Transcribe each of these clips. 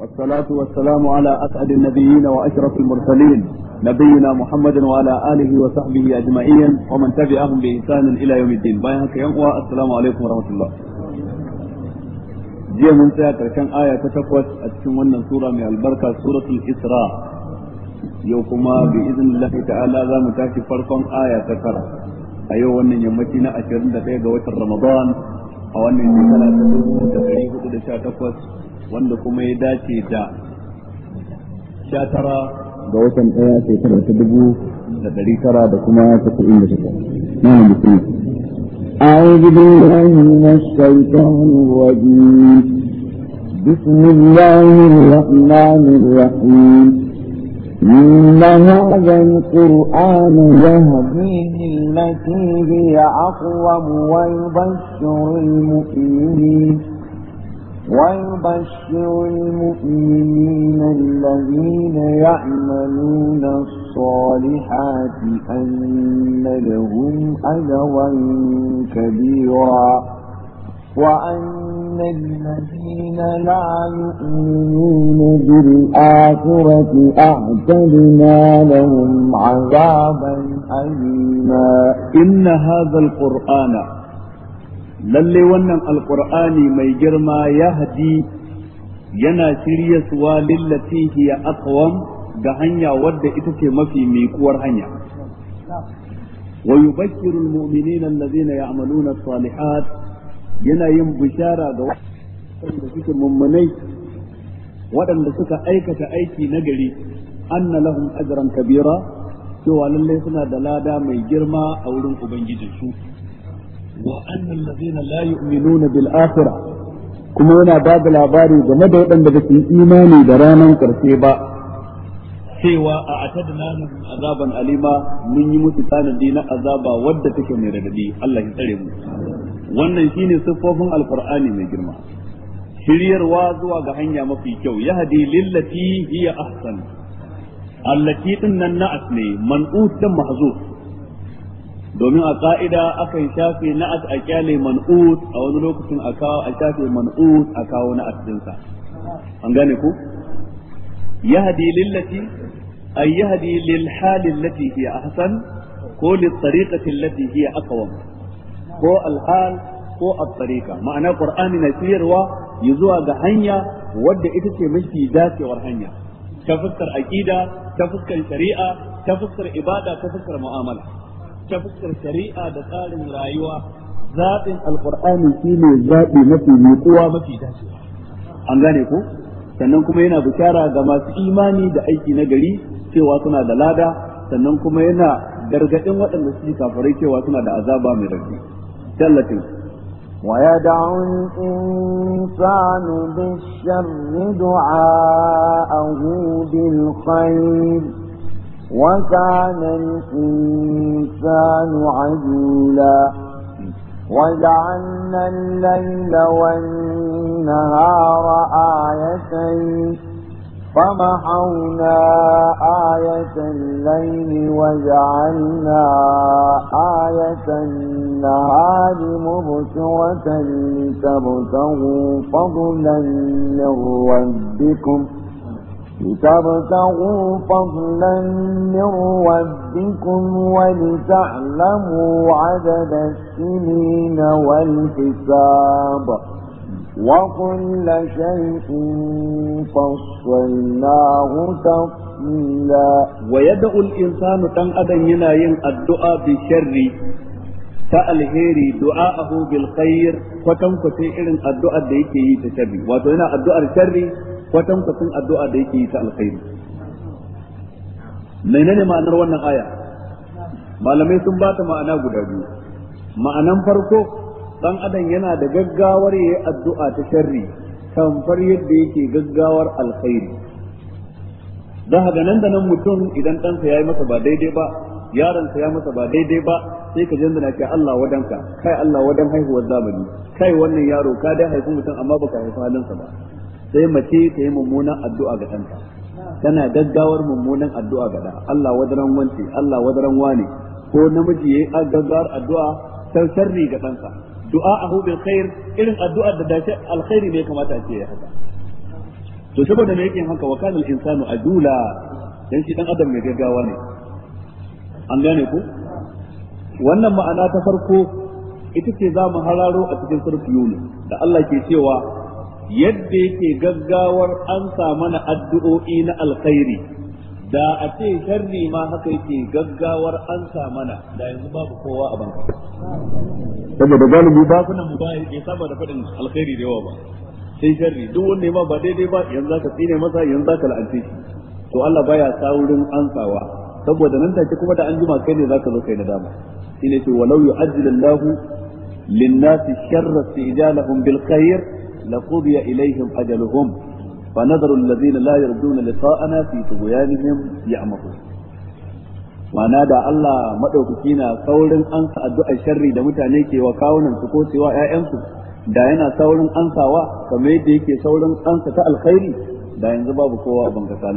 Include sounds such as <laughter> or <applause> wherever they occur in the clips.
والصلاة والسلام على أسعد النبيين وأشرف المرسلين نبينا محمد وعلى آله وصحبه أجمعين ومن تبعهم بإحسان إلى يوم الدين بايعك يوم السلام عليكم ورحمة الله jiya mun tsaya karshen aya ta takwas a cikin wannan sura mai albarka suratul isra yau kuma bi iznillahi ta'ala za mu tashi farkon aya ta tara a yau wannan yammaci na ga ramadan a wannan ta wanda kuma ya dace da sha tara ga watan ɗaya shekarar ta dubu da ɗari tara da kuma tasa'in da shida na mutum أعوذ بالله من الشيطان الرجيم بسم الله الرحمن الرحيم إن هذا القرآن يهدي للتي هي أقوم ويبشر المؤمنين ويبشر المؤمنين الذين يعملون الصالحات أن لهم أجرا كبيرا وأن الذين لا يؤمنون بالآخرة أعتدنا لهم عذابا أليما إن هذا القرآن lalle wannan alkur'ani mai girma ya hadi yana shiryasuwa lillati hiya aqwam ga hanya wadda ita ce mafi miƙuwar hanya wa yubashshiru almu'minina alladhina ya'maluna as-salihat yana yin bishara ga waɗanda suke mummunai waɗanda suka aikata aiki na gari anna lahum ajran kabira cewa lalle suna da lada mai girma a wurin ubangijinsu wa annal ladina la yu'minuna bil akhirah kuma yana ba da labari game da waɗanda ba su imani da ranar ƙarshe ba cewa a atadna lahum azaban alima mun yi musu tanadi na azaba wadda take mai radadi Allah ya tsare mu wannan shine siffofin alqur'ani mai girma shiryarwa zuwa ga hanya mafi kyau Yahadi, hadi lillati ahsan allati din nan na asne man'ut da domin a ka'ida akan shafe na a kyale man'ut a wani lokacin a kawo a shafe man'ut a kawo na asdinsa an gane ku yahdi lillati a yahdi lil halil lati hiya ko lil tariqati lati a aqwam ko al ko a tariqa ma'ana ƙur'ani na siyarwa ya zuwa ga hanya wadda ita ce mafi dacewar hanya ta fuskar aƙida ta fuskar shari'a ta fuskar ibada ta fuskar mu'amala ta shari'a da tsarin rayuwa zaɓin alkur'ani shine zaɓi mafi miƙuwa mafi dacewa an gane ko sannan kuma yana bishara ga masu imani da aiki na gari cewa suna da lada sannan kuma yana gargaɗin waɗanda suke kafirai cewa suna da azaba mai rafi tallatin ويدع الإنسان بالشر دعاءه بالخير وكان الإنسان عجولا وجعلنا الليل والنهار آيتين فمحونا آية الليل وجعلنا آية النهار مبشرة لتبتغوا فضلا من ربكم ۖ لتبتغوا فضلا من ربكم ولتعلموا عدد السنين والحساب وكل شيء فصلناه تفصيلا ويدعو الإنسان تن أدن ينايم الدعاء بالشر تألهيري دعاءه بالخير فتنفتي إلن الدعاء ديكي تشري وتنا الدعاء الشر kwatan kwatan addu'a da yake yi ta alkhairi menene ma'anar wannan aya malamai sun ba ta ma'ana guda biyu ma'anan farko ɗan adam yana da gaggawar ya yi addu'a ta sharri far yadda yake gaggawar alkhairi dan haka nan da nan mutum idan ɗansa ya yi masa ba daidai ba yaronsa ya masa ba daidai ba sai ka jinda na ke Allah wadanka kai Allah wadan haihuwar zamani kai wannan yaro ka dai haifi mutum amma baka haifi halinsa ba sai mace ta yi mummunan addu'a ga ɗanta tana gaggawar mummunan addu'a ga ɗa Allah wadaran wance Allah wadaran wane ko namiji yayi gaggawar addu'a ta sharri ga ɗansa du'a ahu bil khair irin addu'a da dace alkhairi ne kamata a ce ya haka to saboda me yake haka wa kana al insanu ajula dan shi dan adam mai gaggawa ne an gane ku? wannan ma'ana ta farko ita ce za mu hararo a cikin surfi yunus da Allah ke cewa yadda yake gaggawar an mana addu'o'i na alkhairi da a ce sharri ma haka yake gaggawar an mana da yanzu babu kowa a banka saboda galibi ba kuna mu ba yake saba da faɗin alkhairi da yawa ba sai sharri duk wanda ma ba daidai ba yanzu ka tsine masa yanzu ka la'ance shi to Allah baya saurin ansawa saboda nan take kuma da an jima kai ne zaka zo kai dama shine ce walau yu'ajjilu Allahu lin-nasi sharra istijalahum bil khair لقضي إليهم أجلهم فنذر الذين لا يرجون لقاءنا في طغيانهم ma'ana da Allah maɗaukaki na saurin ansa addu'ar sharri da mutane ke wa kawunan su ko cewa ‘ya'yansu da yana saurin ansawa kamar yadda yake saurin ansa ta alkhairi da yanzu babu kowa a bankasa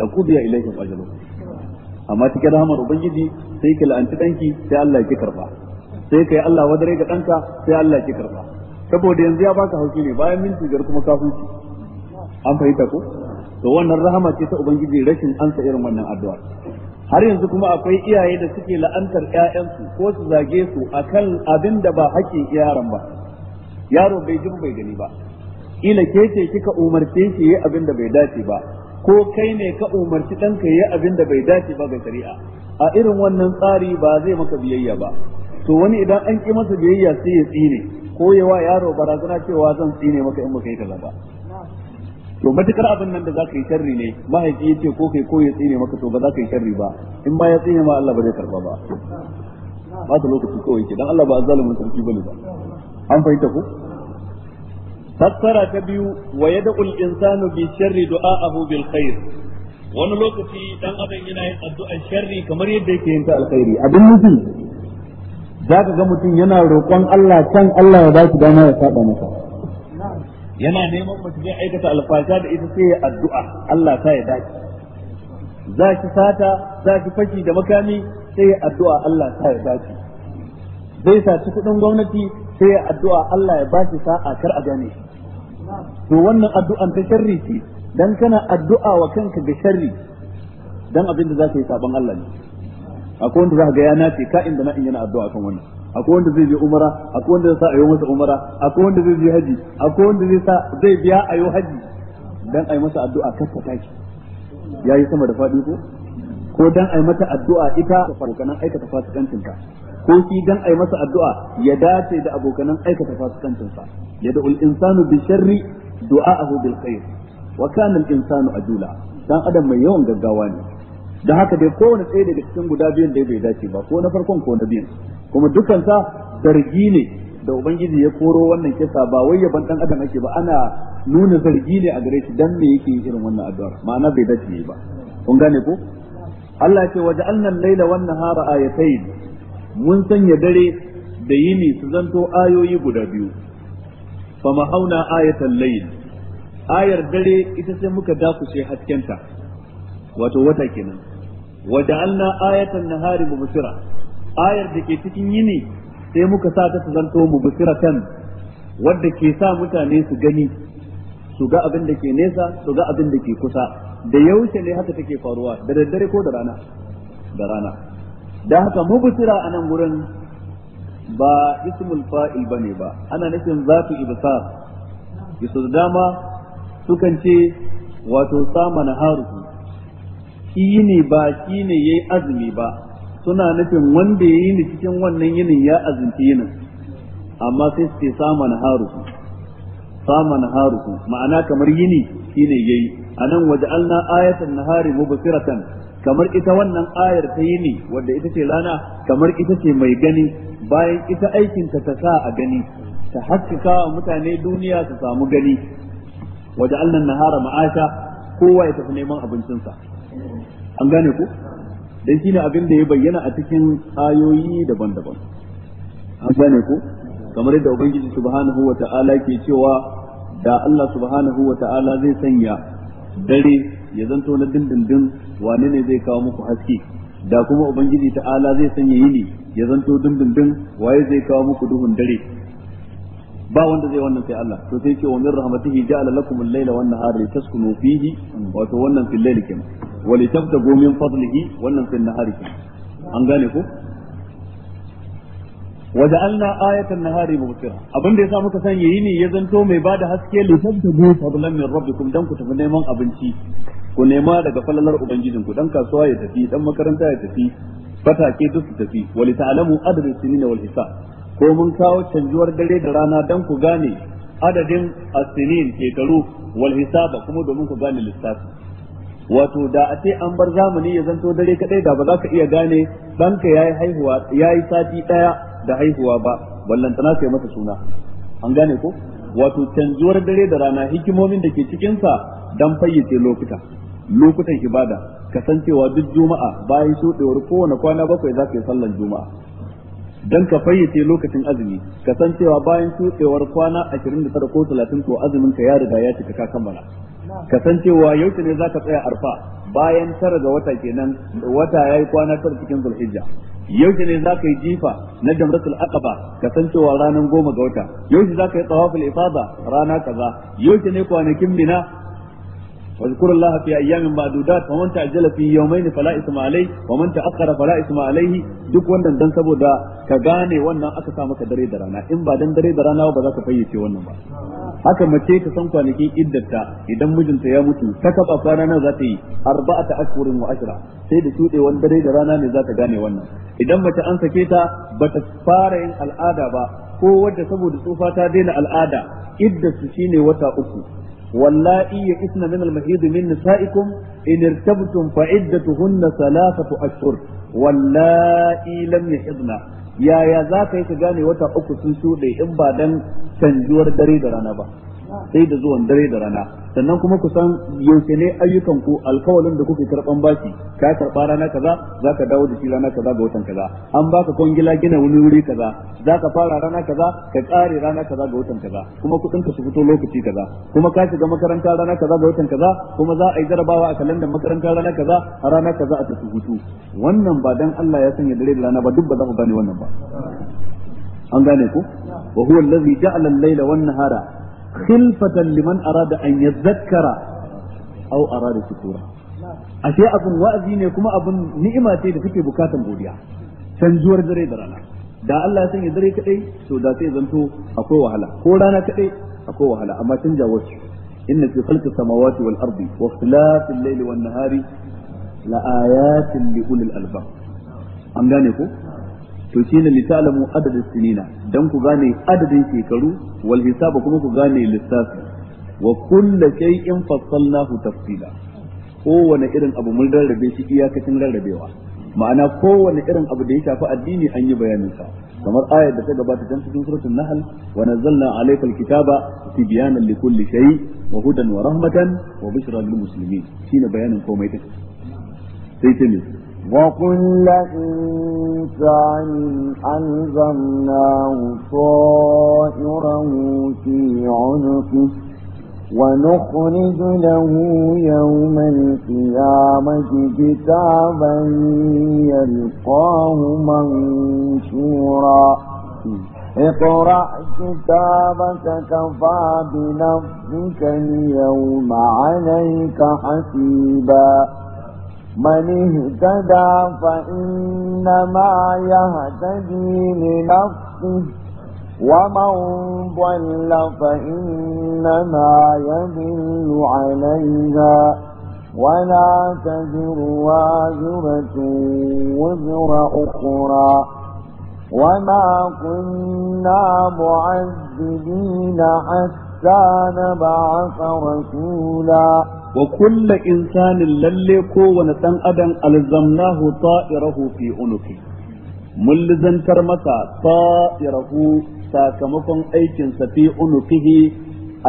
ubangiji sai ki la'anci danki sai Allah ya ki karba sai kai Allah wadare ga danka sai Allah ya ki karba saboda yanzu ya baka hauki ne bayan minti biyar kuma ka huce an fahimta ko to wannan rahama ce ta ubangiji rashin ansa irin wannan addu'a har yanzu kuma akwai iyaye da suke la'antar ƴaƴansu ko su zage su akan abin da ba haƙƙin yaron ba yaro bai jin bai gani ba ila ke ce kika umarce shi yayi abin da bai dace ba ko kai ne ka umarci ɗanka yayi abin da bai dace ba ga shari'a a irin wannan tsari ba zai maka biyayya ba to wani idan an ki masa biyayya sai ya tsine Koyewa yawa yaro barazana cewa zan tsine maka in baka yi kaza ba to matukar abin nan da zaka yi sharri ne mahaifi yace ko kai ko ya tsine maka to ba zaka yi sharri ba in ba ya tsine ma Allah ba zai karba ba ba ta lokaci kawai ke dan Allah ba azzalumin sarki bane ba an fahimta ko fassara ta biyu wa yad'u al-insanu bi sharri du'a'ahu bil khair wani lokaci dan adam yana yin addu'a sharri kamar yadda yake yin ta alkhairi abin mutum. za ka ga mutum yana roƙon Allah can Allah ya ba shi dama ya saba masa yana neman mutum ya aikata alfasha da ita sai ya addu'a Allah ta ya dace za ki sata za ki fashi da makami sai ya addu'a Allah ta ya dace zai saci kuɗin gwamnati sai ya addu'a Allah ya ba shi sa'a kar a gane to wannan addu'an ta sharri ce dan kana addu'a wa kanka ga sharri dan abin da za ka yi sabon Allah ne akwai wanda za ga ya nace ka'in da na'in yana addu'a kan wannan akwai wanda zai je umara akwai wanda zai sa ayo masa umara akwai wanda zai je haji akwai wanda zai sa zai biya ayo haji dan ai masa addu'a kasta taki yayi sama da fadi ko ko dan ai mata addu'a ita abokanan aikata fasikancinka ko shi dan ai masa addu'a ya dace da abokanan aikata fasikancinsa Yadda al-insanu bi sharri du'a'ahu bil khair wa kana al-insanu ajula dan adam mai yawan gaggawa ne da haka dai kowane tsaye daga cikin guda biyun dai bai dace ba ko na farkon ko na biyun kuma dukansa zargi ne da ubangiji ya koro wannan kisa ba wai yaban dan adam ake ba ana nuna zargi ne a gare shi dan me yake yin irin wannan addu'a ma'ana bai dace ba kun gane ko Allah ce ja'alna al-laila an nahara ayatayn mun sanya dare da yini su zanto ayoyi guda biyu famahauna ayatal layl ayar dare ita sai muka dakushe haskenta wato wata kenan wa ja'alna ayatan nahari mubsira ayar da ke cikin yini sai muka sa ta zanto kan wadda ke sa mutane su gani su ga abin da ke nesa su ga abin da ke kusa da yaushe ne haka take faruwa da daddare ko da rana da rana da haka mubsira a nan gurin ba ismul fa'il bane ba ana nufin zafi ibsar yasu dama sukan ce wato sama naharuhu Yini ba shi ne yayi azumi ba suna nufin wanda yayi ni cikin wannan yinin ya azumci yinin amma sai su sama na haruku Saman haruku ma'ana kamar yini shine yayi anan waja'alna ayatan nahari mubsiratan kamar ita wannan ayar ta yini wanda ita ce lana, kamar ita ce mai gani bayan ita aikin ta ta sa a gani ta haskaka wa mutane duniya su samu gani Waje waja'alna nahara ma'asha kowa ya tafi neman abincinsa an gane ku dan shine abin da ya bayyana a cikin ayoyi daban-daban an gane ku kamar yadda ubangiji subhanahu wa ta'ala ke cewa da Allah subhanahu wa ta'ala zai sanya dare ya zanto na dindindin wane ne zai kawo muku haske da kuma ubangiji ta'ala zai sanya yini ya zanto dindindin waye zai kawo muku duhun dare ba wanda zai wannan sai Allah to sai ce wa min rahmatihi ja'ala lakum al-laila wan nahara litaskunu fihi wato wannan fil layli kenan wa li gomin min fadlihi wannan na nahari an gane ko wa ja'alna ayatan nahari mubsira abin da yasa muka sanya yini ya zanto mai bada haske li tabtagu fadlan min rabbikum dan ku tafi neman abinci ku nema daga falalar ubangijinku dan kasuwa ya tafi dan makaranta ya tafi fatake duk su tafi wali li ta'lamu adadin sinina wal hisab ko mun kawo canjuwar dare da rana dan ku gane adadin asinin shekaru wal hisaba kuma domin ku gane lissafi wato da a ce an bar zamani ya zanto dare kadai da ba za ka iya gane ɗanka ya yi haihuwa ya yi sati ɗaya da haihuwa ba ballantana sai masa suna an gane ko wato canjuwar dare da rana hikimomin da ke cikinsa dan fayyace lokuta lokutan ibada kasancewa duk juma'a bayan shuɗewar kowane kwana bakwai za ka yi sallan juma'a dan ka fayyace lokacin azumi kasancewa bayan shuɗewar kwana 29 ko 30 ko azumin ka ya riga ya cika ka kammala kasancewa yau ne za ka tsaya arfa bayan tara ga wata kenan wata ya yi kwana tara cikin zulhijja yaushe ne za ka yi jifa na jamratul aqaba kasancewa ranar goma ga wata yaushe za ka yi tawaful ifada rana kaza yaushe ne kwanakin mina واذكروا الله في ايام معدودات ومن تعجل في يومين فلا اثم عليه ومن تاخر فلا اثم عليه duk wannan dan saboda ka gane wannan aka sa maka dare da rana in ba dan dare da rana ba za ka fayyace wannan ba haka mace ta san kwanakin iddarta idan mijinta ya mutu ta kaba kwana nan za ta yi arba'ata ashhurin wa ashra sai da shudewan dare da rana ne za ta gane wannan idan mace an sake ta bata fara yin al'ada ba ko wadda saboda tsufa ta daina al'ada iddar su shine wata uku واللائي يئسن من المحيض من نسائكم إن ارتبتم فعدتهن ثلاثة أشهر واللائي لم يحضن يا يا ذاك يتجاني وتا أكو سنسو دي إبا دن تنجور دري درانا با سيد زون دري درانا sannan kuma ku san yaushe ne ayyukan ku alkawalin da kuke karban baki ka karba rana kaza zaka dawo da shi rana kaza ga watan kaza an baka kwangila gina wani wuri kaza zaka fara rana kaza ka tsare rana kaza ga watan kaza kuma kuɗin ka su fito lokaci kaza kuma ka shiga makaranta rana kaza ga watan kaza kuma za a yi jarabawa a kalandar makaranta rana kaza a rana kaza a tafi hutu wannan ba dan Allah ya sanya dare da rana ba duk ba za ku gane wannan ba an gane ku wa huwa allazi ja'ala al-laila wan-nahara khilfatan liman ara da arada an yadhakkara aw arada shukura ashe abun wa'azi ne kuma abun ni'ima ce da kake bukatan godiya canjuwar dare da rana da Allah ya sanya dare kadai to da sai zanto akwai wahala ko rana kaɗai, akwai wahala amma canja wasu inna fi khalqi samawati wal ardi wa ikhtilafil layli wan nahari la ayatin li ulil albab an ko to shine litalamu adadin sinina dan ku gane adadin shekaru wal hisaba kuma ku gane lissafi wa kullu shay'in fassalnahu tafsila kowane irin abu mun rarrabe shi iyakacin rarrabewa ma'ana kowane irin abu da ya shafi addini an yi bayanin sa kamar ayar da ta gabata can cikin suratul nahl wa nazzalna alayka alkitaba tibyanan likulli shay wa hudan wa rahmatan wa bushra lil muslimin shine bayanin komai din sai ce وكل إنسان ألزمناه طائره في عنقه ونخرج له يوم القيامة كتابا يلقاه منشورا اقرأ كتابك كفى بنفسك اليوم عليك حسيبا من اهتدى فإنما يهتدي لنفسه ومن ضل فإنما يضل عليها ولا تزر وازرة وزر أخرى وما كنا معذبين حتى كان بعث رسولا وكل إنسان لليكو ونسان أدن ألزمناه طائره في أنكي ملزم ترمتا طائره sakamakon aikinsa fi unukihi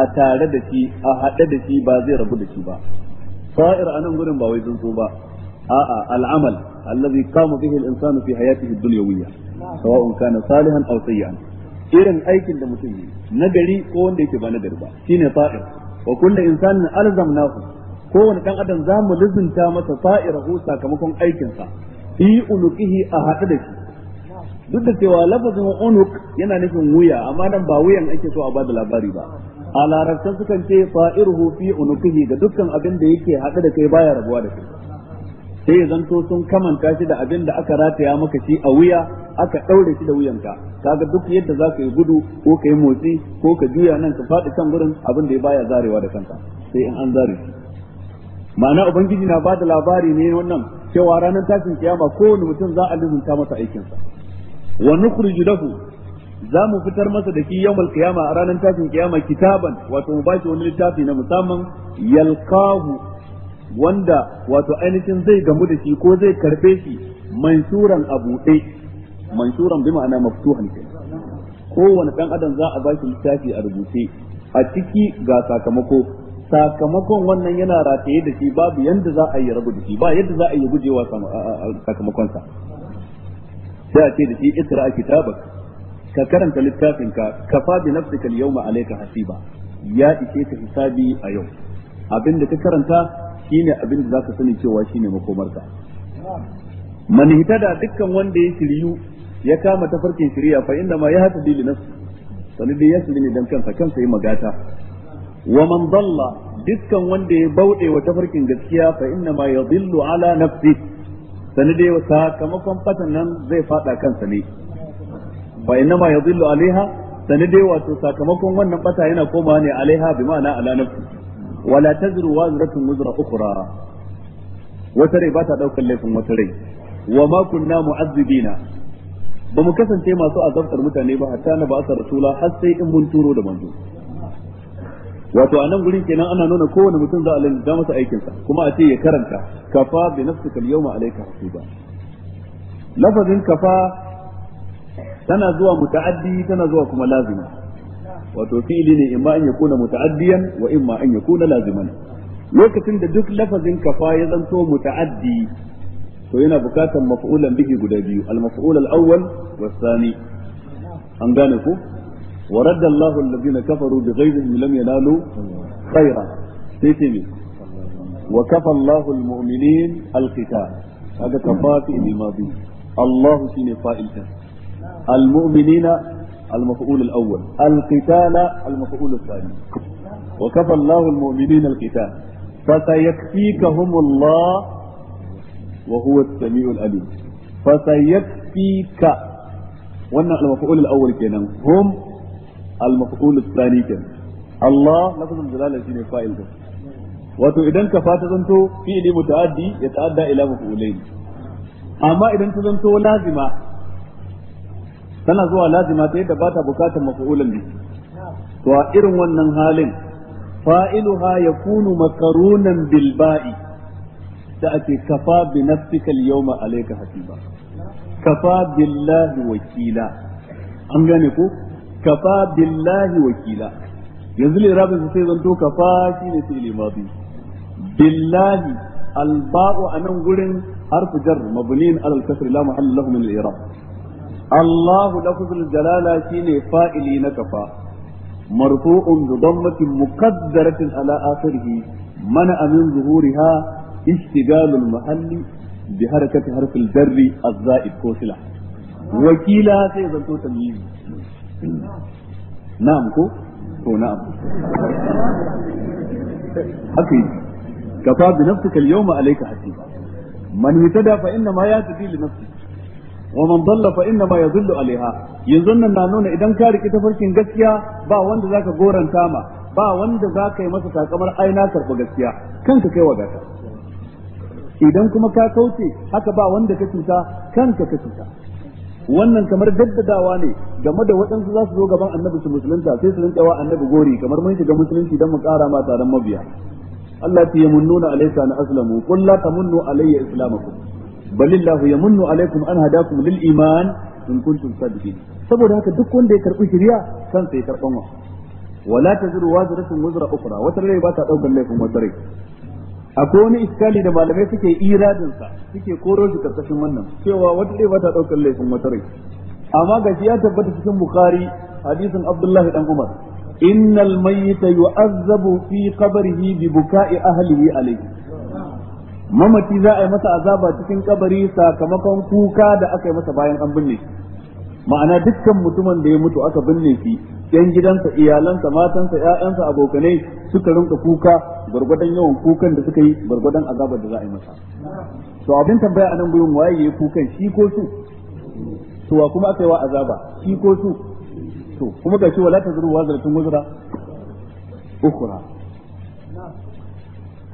a tare da shi a haɗe da shi ba zai rabu da shi ba sa'ir a gurin ba wai tsuntsu ba a'a al'amal allazi kama bihi al salihan aw irin aikin da mutum yi na gari ko wanda yake ba na gari ba shine fa'ir wa kullu insanin alzamnahu kowane dan adam za mu lizinta masa ko sakamakon aikinsa fi unuqihi a haɗu da shi duk da cewa lafazin unuk yana nufin wuya amma nan ba wuyan ake so a ba da labari ba a larabtan sukan ce fa'iruhu fi unuqihi ga dukkan abin da yake haɗu da kai baya rabuwa da kai sai ya zanto sun kamanta shi da abin da aka rataya maka shi a wuya aka ɗaure shi da wuyanka kaga duk yadda za ka yi gudu ko ka yi motsi ko ka juya nan ka faɗi can gurin abin da ya baya zarewa da kanka sai in an zare shi ma'ana ubangiji na bada labari ne wannan cewa ranar tashin kiyama kowane mutum za a lizunta masa aikinsa wa nukhriju lahu za mu fitar masa da shi yawmal kiyama a ranar tashin kiyama kitaban wato mu bashi wani littafi na musamman yalqahu wanda wato ainihin zai gamu da shi ko zai karbe shi mansuran a buɗe mansuran bi ma'ana maftuhan ke kowane dan adam za a bashi littafi a rubuce a ciki ga sakamako sakamakon wannan yana rataye da shi babu yadda za a yi rabu da shi ba yadda za a yi gujewa sakamakonsa sai a ce da shi ikra kitabak ka karanta littafinka kafa bi nafsika yawma alayka hasiba ya ishe ka hisabi a yau abinda ka karanta shine abin da zaka sani cewa shine makomarka man hitada dukkan wanda ya shiryu ya kama ta farkin shiriya fa inda ma ya hatadi li nafsi sanin da yasli ne dan kansa kansa yi magata wa man dalla dukkan wanda ya bauɗe wa ta farkin gaskiya fa inna ma yadhillu ala nafsi dai da sakamakon fatan nan zai fada kansa ne fa inna ma yadhillu alaiha sani dai wato sakamakon wannan fata yana komawa ne alaiha bi ma'ana ala nafsi wala tazru wazratun wuzra ukhra wata rai ba ta daukar laifin wata rai wa ma kunna na. ba mu kasance masu azabtar mutane ba hatta na ba'athar rasula har sai in mun turo da manzo wato a nan gurin kenan ana nuna kowane mutum za a lalata masa aikinsa kuma a ce ya karanta kafa bi nafsika al-yawma alayka hasiba lafazin kafa tana zuwa muta'addi tana zuwa kuma lazima wato fi'ili ne imma an yakuna muta'addiyan wa imma an yakuna laziman lokacin da duk lafazin kafa ya zanto muta'addi to yana bukatan maf'ulan bihi guda biyu al-maf'ul al-awwal was-sani an gane ku wa radda Allahu alladhina kafaru bi ghayrihim lam yanalu khayra sai ce wa kafa Allahu al-mu'minin al-qital kaga kafa fi al-madi Allah shine fa'il al-mu'minina المفعول الأول القتال المفعول الثاني وكفى الله المؤمنين القتال فسيكفيكهم الله وهو السميع العليم فسيكفيك وانا المفعول الأول كنا هم المفعول الثاني كنا الله لفظ الجلالة شيء فاعل wato idan ka fata zanto fi'ili mutaaddi ya ta'adda ila maf'ulain amma idan ta zanto lazima tana zuwa lazima ta yadda bata ta bukatar maf'ulan bi to a irin wannan halin fa'iluha yakunu makarunan bilba'i. da ake kafa bi nafsika al yawma alayka hasiba kafa billahi wakila an gane ko kafa billahi wakila yanzu ne rabin sai zanto kafa shine fi'il madi billahi الباء أنا نقول حرف جر مبني على الكسر لا محل له من الإعراب Allahu lafzul jalala shine fa'ili na marfu'un bi dammatin muqaddaratin ala akhirih wa man dalla fa inna ma yadhillu alaiha yanzu nan na nuna idan ka riki tafarkin gaskiya ba wanda zaka goranta ma ba wanda zaka yi masa takamar aina karɓi gaskiya kanka kai wa gata idan kuma ka kauce haka ba wanda ka cuta kanka ka cuta wannan kamar jaddadawa ne game da waɗansu za su zo gaban annabi su musulunta sai su rinka wa annabi gori kamar mun shiga musulunci don mu ƙara ma taron mabiya Allah ya munnuna alayka na aslamu qul la tamunnu alayya islamakum balillahu munnu alaikum ana hadakum lil iman in kuntum sadiqin saboda haka duk wanda ya karbi shari'a kansa ya karban wa wala taziru wazratun wazra ukhra wata rai ba ta daukar laifin wata rai akwai wani iskali da malamai suke iradin sa suke koro shi karkashin wannan cewa wata rai ba ta daukar laifin wata rai amma shi ya tabbata cikin bukhari hadisin abdullahi dan umar innal mayyita yu'azzabu fi qabrihi bi buka'i ahlihi alayhi mamaci za a yi masa azaba cikin kabari sakamakon kuka da aka yi masa bayan an binne shi ma'ana dukkan mutumin da ya mutu aka binne shi yan gidansa iyalansa matansa ƴaƴansa abokanai suka rinka kuka gwargwadon yawan kukan da suka yi gwargwadon azabar da za a yi masa to abin tambaya a nan gurin waye yayi kukan shi ko su to wa kuma aka yi wa azaba shi ko su to kuma ga shi wala tazuru wa zalatun wazra ukhra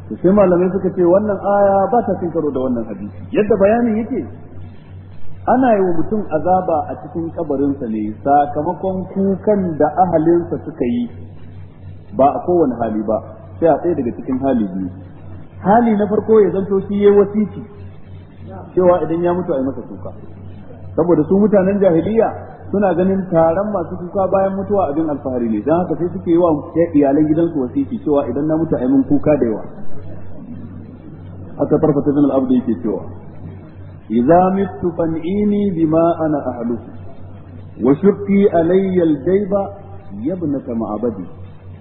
to sai malamai suka ce wannan aya ba ta cin karo da wannan hadisi yadda bayanin yake ana yi wa mutum azaba a cikin kabarinsa ne sakamakon kukan da ahalinsa suka yi ba a kowane hali ba sai a tsaye daga cikin hali biyu hali na farko ya zanto shi ya wasiti cewa idan ya mutu a yi masa kuka saboda su mutanen jahiliya suna ganin taron masu kuka bayan mutuwa abin alfahari ne don haka sai suke yi wa iyalan gidansu wasiki cewa idan na mutu a mun kuka da yawa aka tarfata bin al'abdu yake cewa idza mittu fan'ini bima ana ahlu wa shukki alayya al-jayba yabnata ma'abadi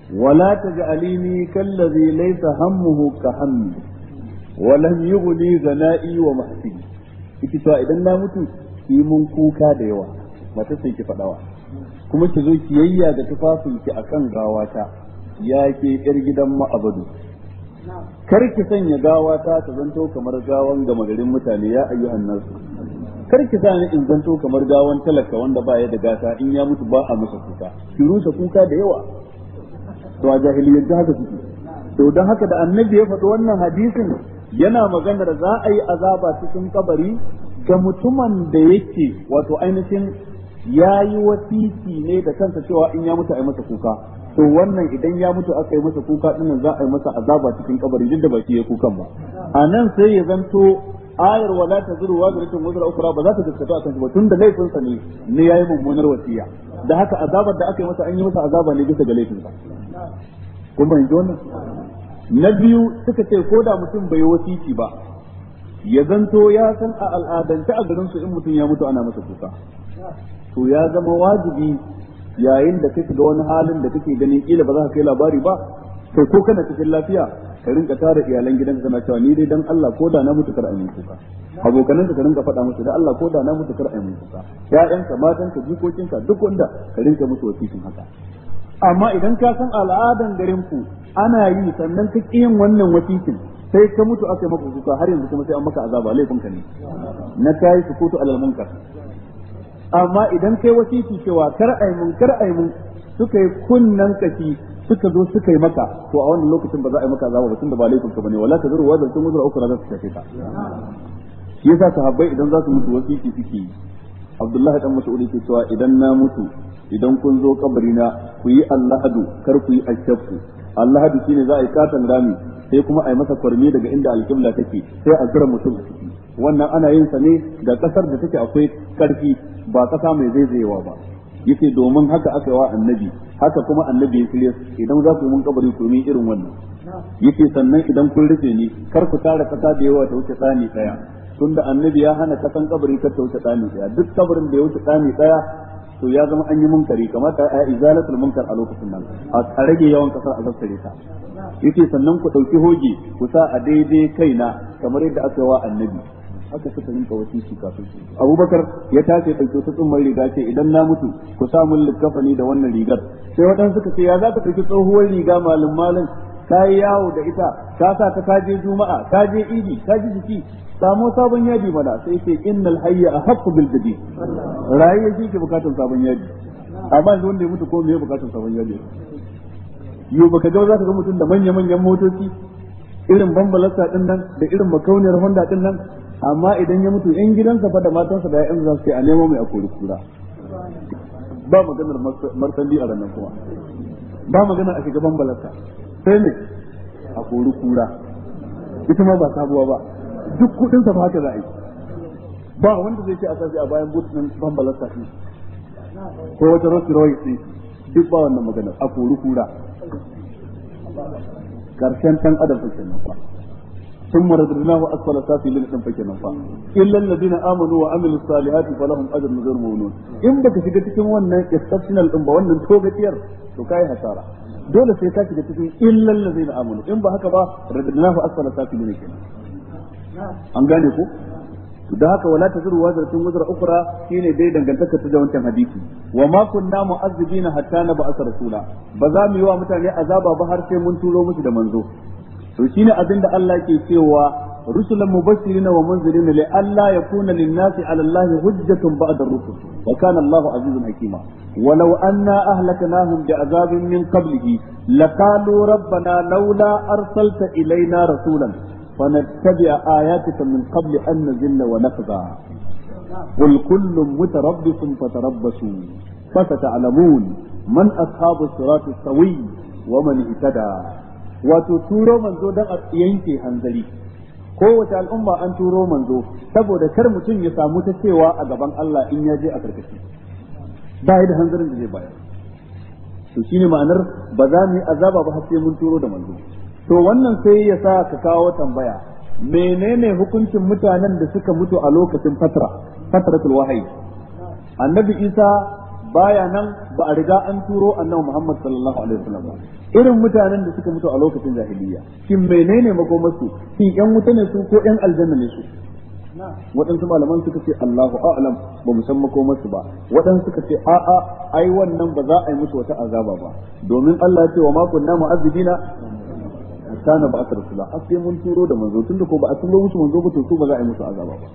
ولا تجعليني كالذي ليس همه كهمي ولم يغني غنائي ومحسي ita cewa idan na mutu yi mun kuka da yawa ta sai ki fadawa kuma ki zo ki yayya da tufafin ki akan gawata ya ke yar gidan ma'abadu kar ki sanya gawata ta zanto kamar gawan gama garin mutane ya ayyuhan kar ki sanya in zanto kamar gawan talaka wanda ba ya da gata in ya mutu ba a masa kuka ki rusa kuka da yawa to a jahiliyyar da haka suke to don haka da annabi ya faɗi wannan hadisin yana maganar za a yi azaba cikin kabari ga mutumin da yake wato ainihin ya yi wasiki ne da kansa cewa in ya mutu a yi masa kuka to wannan idan ya mutu aka yi masa kuka din za a yi masa azaba cikin kabari duk da baki ya kukan ba a nan sai ya zanto ayar wala tazuru wa zaratun wazra ukra ba za ta gaskata akan shi ba tunda laifin sa ne ne yayi mummunar wasiya da haka azabar da aka yi masa an yi masa azaba ne bisa ga laifin sa kun fahimci jona? na biyu suka ce ko da mutum bai wasiki ba ya zanto ya san a al'adance a garin su in mutum ya mutu ana masa kuka to ya zama wajibi yayin da kake ga wani halin da kake ganin kila ba za ka kai labari ba to ko kana cikin lafiya ka rinka tara iyalan gidanka kana cewa ni dai dan Allah ko da na mutu kar ayi kuka abokanan ka rinka faɗa musu da Allah ko da na mutu kar ayi kuka ka jikokin ka duk wanda ka rinka musu wasikin haka amma idan ka san al'adan garin ku ana yi sannan ka yin wannan wasikin sai ka mutu aka maka kuka har yanzu kuma sai an maka azaba laifin ka ne na kai su kotu alal munkar amma idan kai wasiki cewa kar ai mun kar ai mun suka yi kunnan kashi suka zo suka yi maka to a wannan lokacin ba za a yi maka azaba ba tunda ba laifin ka bane wala ta zuru wajen tun wuzura ukra za su shafe ka shi yasa sahabbai idan za su mutu wasiki suke yi Abdullah dan Mas'ud yake cewa idan na mutu idan kun zo kabari ku yi Allahadu kar ku yi ashakku Allahadu shine za a yi katan rami sai kuma a yi masa kwarmi daga inda alƙibla take sai a jira mutum a ciki wannan ana yin sa ne ga kasar da take akwai karfi ba kasa mai zaizayewa ba yake domin haka aka wa annabi haka kuma annabi ya kire idan za ku yi mun kabari ku yi irin wannan yake sannan idan kun rufe ni kar ku tara kasa da yawa ta wuce tsani daya tunda annabi ya hana kasan kabari kar ta wuce tsani daya duk kabarin da ya wuce tsani daya to ya zama an yi munkari ta a izalatul munkar a lokacin nan a rage yawan kasar a zartare ta yake sannan ku dauki hoji ku sa a daidai kaina kamar yadda aka yi wa annabi haka suka rinka shi kafin su abubakar ya tace ɗauki ta mai riga ce idan na mutu ku sa mun likafani da wannan rigar sai waɗansu suka ce ya za ka ɗauki tsohuwar riga malam-malam ka yi yawo da ita ka sa ta ka je juma'a ka je idi ka ji jiki samo sabon yaji mana sai ce innal hayya ahqqu bil jadid rayuwa shi ke bukatar sabon yaji amma yanzu wanda ya mutu ko me ya bukatun sabon yaji yo baka ga za ka ga mutum da manya manyan motoci irin bambalasta din nan da irin makauniyar honda din nan amma idan ya mutu yan gidansa fa da matansa da ƴaƴansa za su ce a nemo mai akori kura ba maganar martandi a ranar kuma ba maganar a shiga bambalarsa sai ne a kori kura ita ma ba sabuwa ba duk kudinsa ba haka za a yi ba wanda zai ce a sashi a bayan but din bambalarsa shi ko wata rosi rawai shi duk ba wannan maganar a kori kura karshen dan adam sun kenan ثم رددناه اسفل سافلين din fa kenan fa illal ladina amanu wa amilus salihati falahum ajrun ghayr mamnun in baka shiga cikin wannan exceptional din ba wannan togatiyar to kai hasara dole sai ka shiga cikin illal ladina amanu in ba haka ba asfala kenan an gane ku? da haka wala tazuru wazratun wazra ukhra shine dai dangantaka ta da wancan hadisi wa ma kunna mu'azzibina hatta nab'a rasula ba za mu yi wa mutane azaba ba har sai mun turo musu da manzo to shine abin da Allah ke cewa rusulun mubashirin wa munzirin li alla yakuna lin nasi ala Allah hujjatun ba'da rusul wa kana Allah azizun hakima ولو أنا أهلكناهم بعذاب من قبله لقالوا ربنا لولا أرسلت إلينا رسولا فنتبع آياتك من قبل أن نزل ونخزى قل كل متربص فتربصوا فستعلمون من أصحاب الصراط السوي ومن اهتدى wato turo manzo don a yanke hanzari kowace al'umma an turo manzo saboda kar mutum ya samu ta cewa a gaban Allah in ya je a karkashi ba da hanzarin da zai bayar to shine ma'anar ba za mu yi azaba ba har sai mun turo da manzo to wannan sai ya sa ka kawo tambaya menene hukuncin mutanen da suka mutu a lokacin fatra fatratul wahayi annabi isa baya nan ba a riga an turo annabi muhammad sallallahu alaihi wasallam irin mutanen da suka mutu a lokacin jahiliya shin menene makomarsu shin yan wuta ne su ko yan aljanna ne su waɗansu malaman suka ce Allahu a'lam ba mu san makomarsu ba waɗansu suka ce a'a ai wannan ba za a yi musu wata azaba ba domin Allah ya ce wa ma kunna mu'azzibina hatta na ba'a rasula har sai mun turo da manzo tunda ko ba a turo musu manzo ba to su ba za a yi musu azaba ba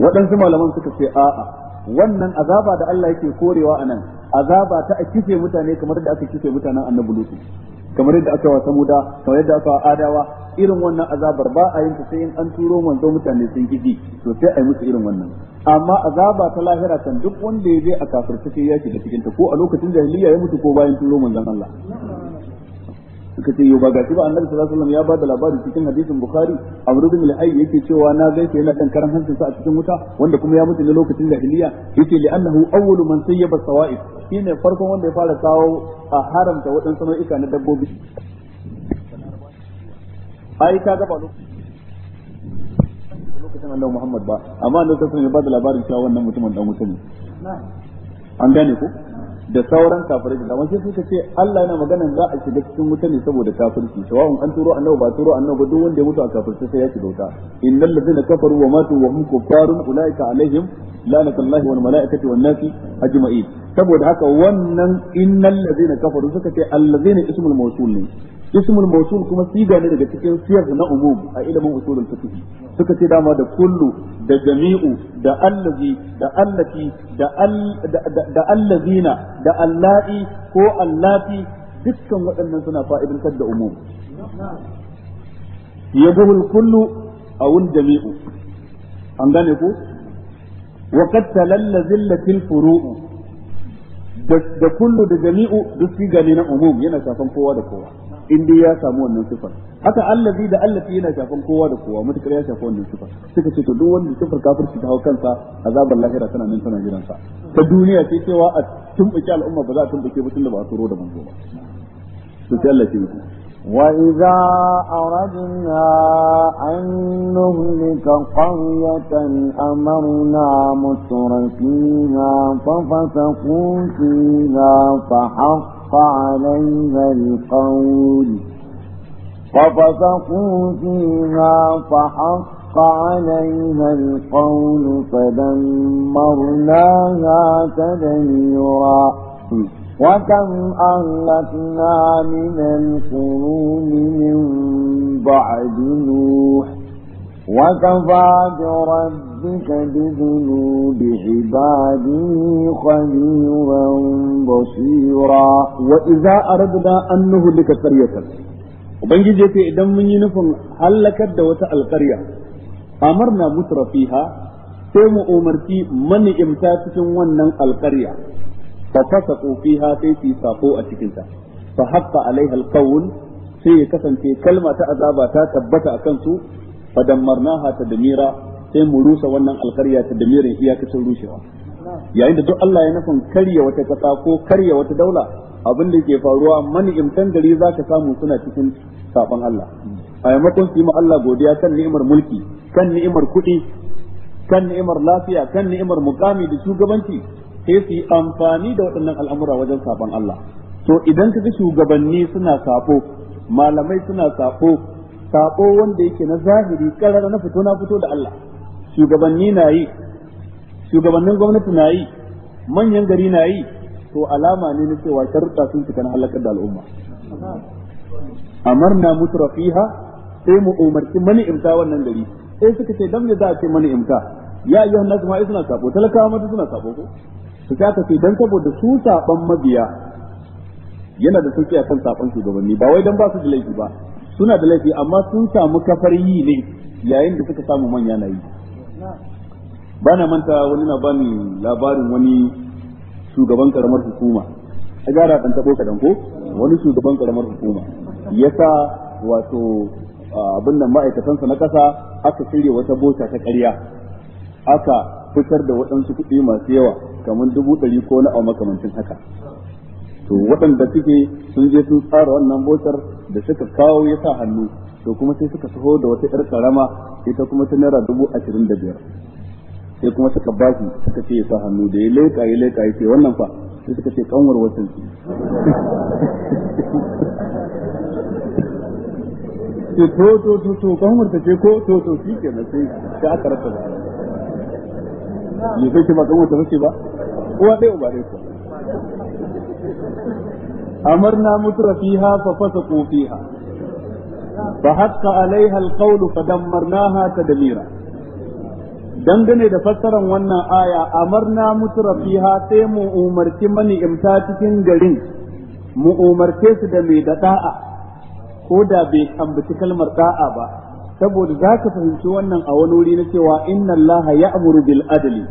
waɗansu malaman suka ce a'a wannan azaba da Allah yake korewa anan azaba ta a kife mutane kamar da aka kife mutanen annabi lutu kamar yadda aka wa samuda kamar yadda aka wa adawa irin wannan azabar ba a yin ta sai in an turo manzo mutane sun kiji to sai a yi musu irin wannan amma azaba ta lahira kan duk wanda ya je a kafirce sai ya da cikin ta ko a lokacin jahiliya ya mutu ko bayan turo manzon Allah suka ce yau ba gashi ba annabi sallallahu alaihi wasallam ya ba da labari cikin hadisin bukhari amru bin al-ay yake cewa na gaishe yana kan karan hancin sa a cikin wuta wanda kuma ya mutu ne lokacin jahiliya yace li annahu awwalu man sayyaba sawa'id shine farkon wanda ya fara kawo a haramta waɗansu nau'ika na dabbobi ai ka ga ba lokacin annabi Muhammad ba amma annabi sallallahu alaihi wasallam ya ba da labarin cewa wannan mutumin dan wuta ne an gane ko da sauran kafirai da kamar suka ce Allah yana magana za a shiga cikin wuta ne saboda kafirci shawa'un an turo annabi ba turo annabi ba duk wanda ya mutu a kafirci sai ya shiga wuta innal ladzina kafaru wa matu wa hum kuffarun ulaika alaihim lanatullahi wal malaikati wan nasi ajma'in saboda haka wannan innal ladzina kafaru suka ce allazina ismul mawsul ne ismul mawsul kuma siga ne daga cikin siyar na umum a ilimin usulul fiqh suka ce dama da kullu da jami'u da allazi da allati da da allazina da allai ko allati dukkan waɗannan suna fa'idantar da umum yabul kullu aw jami'u an gane ku wa qad talallazillatil furu'u da kullu da jami'u duk siga ne na umum yana safan kowa da kowa in dai ya samu wannan sifar haka allazi da allafi yana shafan kowa da kowa matukar ya shafi wannan sifar suka ce to duk wanda sifar kafirci ta hau kansa azabar lahira tana nan tana jiran sa ta duniya sai cewa a tumbuke al'umma ba za a tumbuke ba tunda ba a turo da manzo ba to sai Allah ya وإذا أردنا أن نهلك قرية أمرنا متر فيها ففسقوا فيها فحق عليها القول ففسقوا فيها فحق عليها القول فدمرناها تدميرا وكم أهلكنا من القرون من بعد نوح وكفى بربك بذنوب عباده خبيرا بصيرا وإذا أردنا أن نهلك قرية وبنجي في إدم من ينفن هلكت دوتا القرية أمرنا متر فيها sai mu umarci mani'imta cikin wannan alƙarya fa fasaqu fiha sai su sako a cikinta fa haqqa alaiha alqawl sai ya kasance kalma ta azaba ta tabbata a kansu. da mira sai mu rusa wannan alkarya ta damirin iyakacin rushewa yayin da duk Allah ya nufin karya wata kasa ko karya wata daula abin da ke faruwa mani'imtan gari zaka samu suna cikin safan Allah a yamakon su yi ma Allah godiya kan ni'imar mulki kan ni'imar kuɗi kan ni'imar lafiya kan ni'imar mukami da shugabanci sai su yi amfani da waɗannan al'amura wajen safan Allah to idan ka ga shugabanni suna safo malamai suna safo sabo wanda yake na zahiri karara na fito na fito da Allah shugabanni na yi shugabannin gwamnati na yi manyan gari na yi to alama ne na cewa sharuɗa sun cika na halakar da al'umma Amar na mutu rafiha sai mu umarci mani imta wannan gari sai suka ce dan me za a ce mani imta ya ayyuhan nasu ma suna sabo talakawa ma suna sabo ko su ta ce dan saboda su saban mabiya yana da sauƙi a kan saban shugabanni ba wai dan ba su da laifi ba suna da laifi amma sun samu kafar yi ne yayin da suka samu manya na yi ba na manta wani na bani labarin wani shugaban karamar hukuma a gara ɗan taɓo kaɗan ko wani shugaban karamar hukuma ya sa wato abin nan ma'aikatansa na ƙasa aka shirya wata bota ta karya aka fitar da waɗansu kuɗi masu yawa kamar dubu ɗari ko na makamancin haka to waɗanda suke sun je sun tsara wannan botar da suka kawo ya sa hannu to kuma sai suka taho da wata yar karama ita kuma ta naira dubu ashirin da biyar sai kuma suka bashi suka ce ya sa hannu da ya leƙa ya leƙa ya ce wannan fa sai suka ce kanwar wasan su ce <laughs> to to to to kanwar ta ce ko to to shi ke na sai ta aka rasa ba ya sai ce ba kanwar ta ba kowa ɗaya ba ɗaya ko amarna متر فيها ففسقوا فيها fiha عليها القول فدمرناها تدميرا dangane da fassarar wannan aya amarna mutura fiha sai mu umarci mani imta cikin garin mu umarce su da mai da da'a ko da bai ambaci kalmar da'a ba saboda za ka fahimci wannan a wani wuri na cewa inna allaha ya'muru bil adli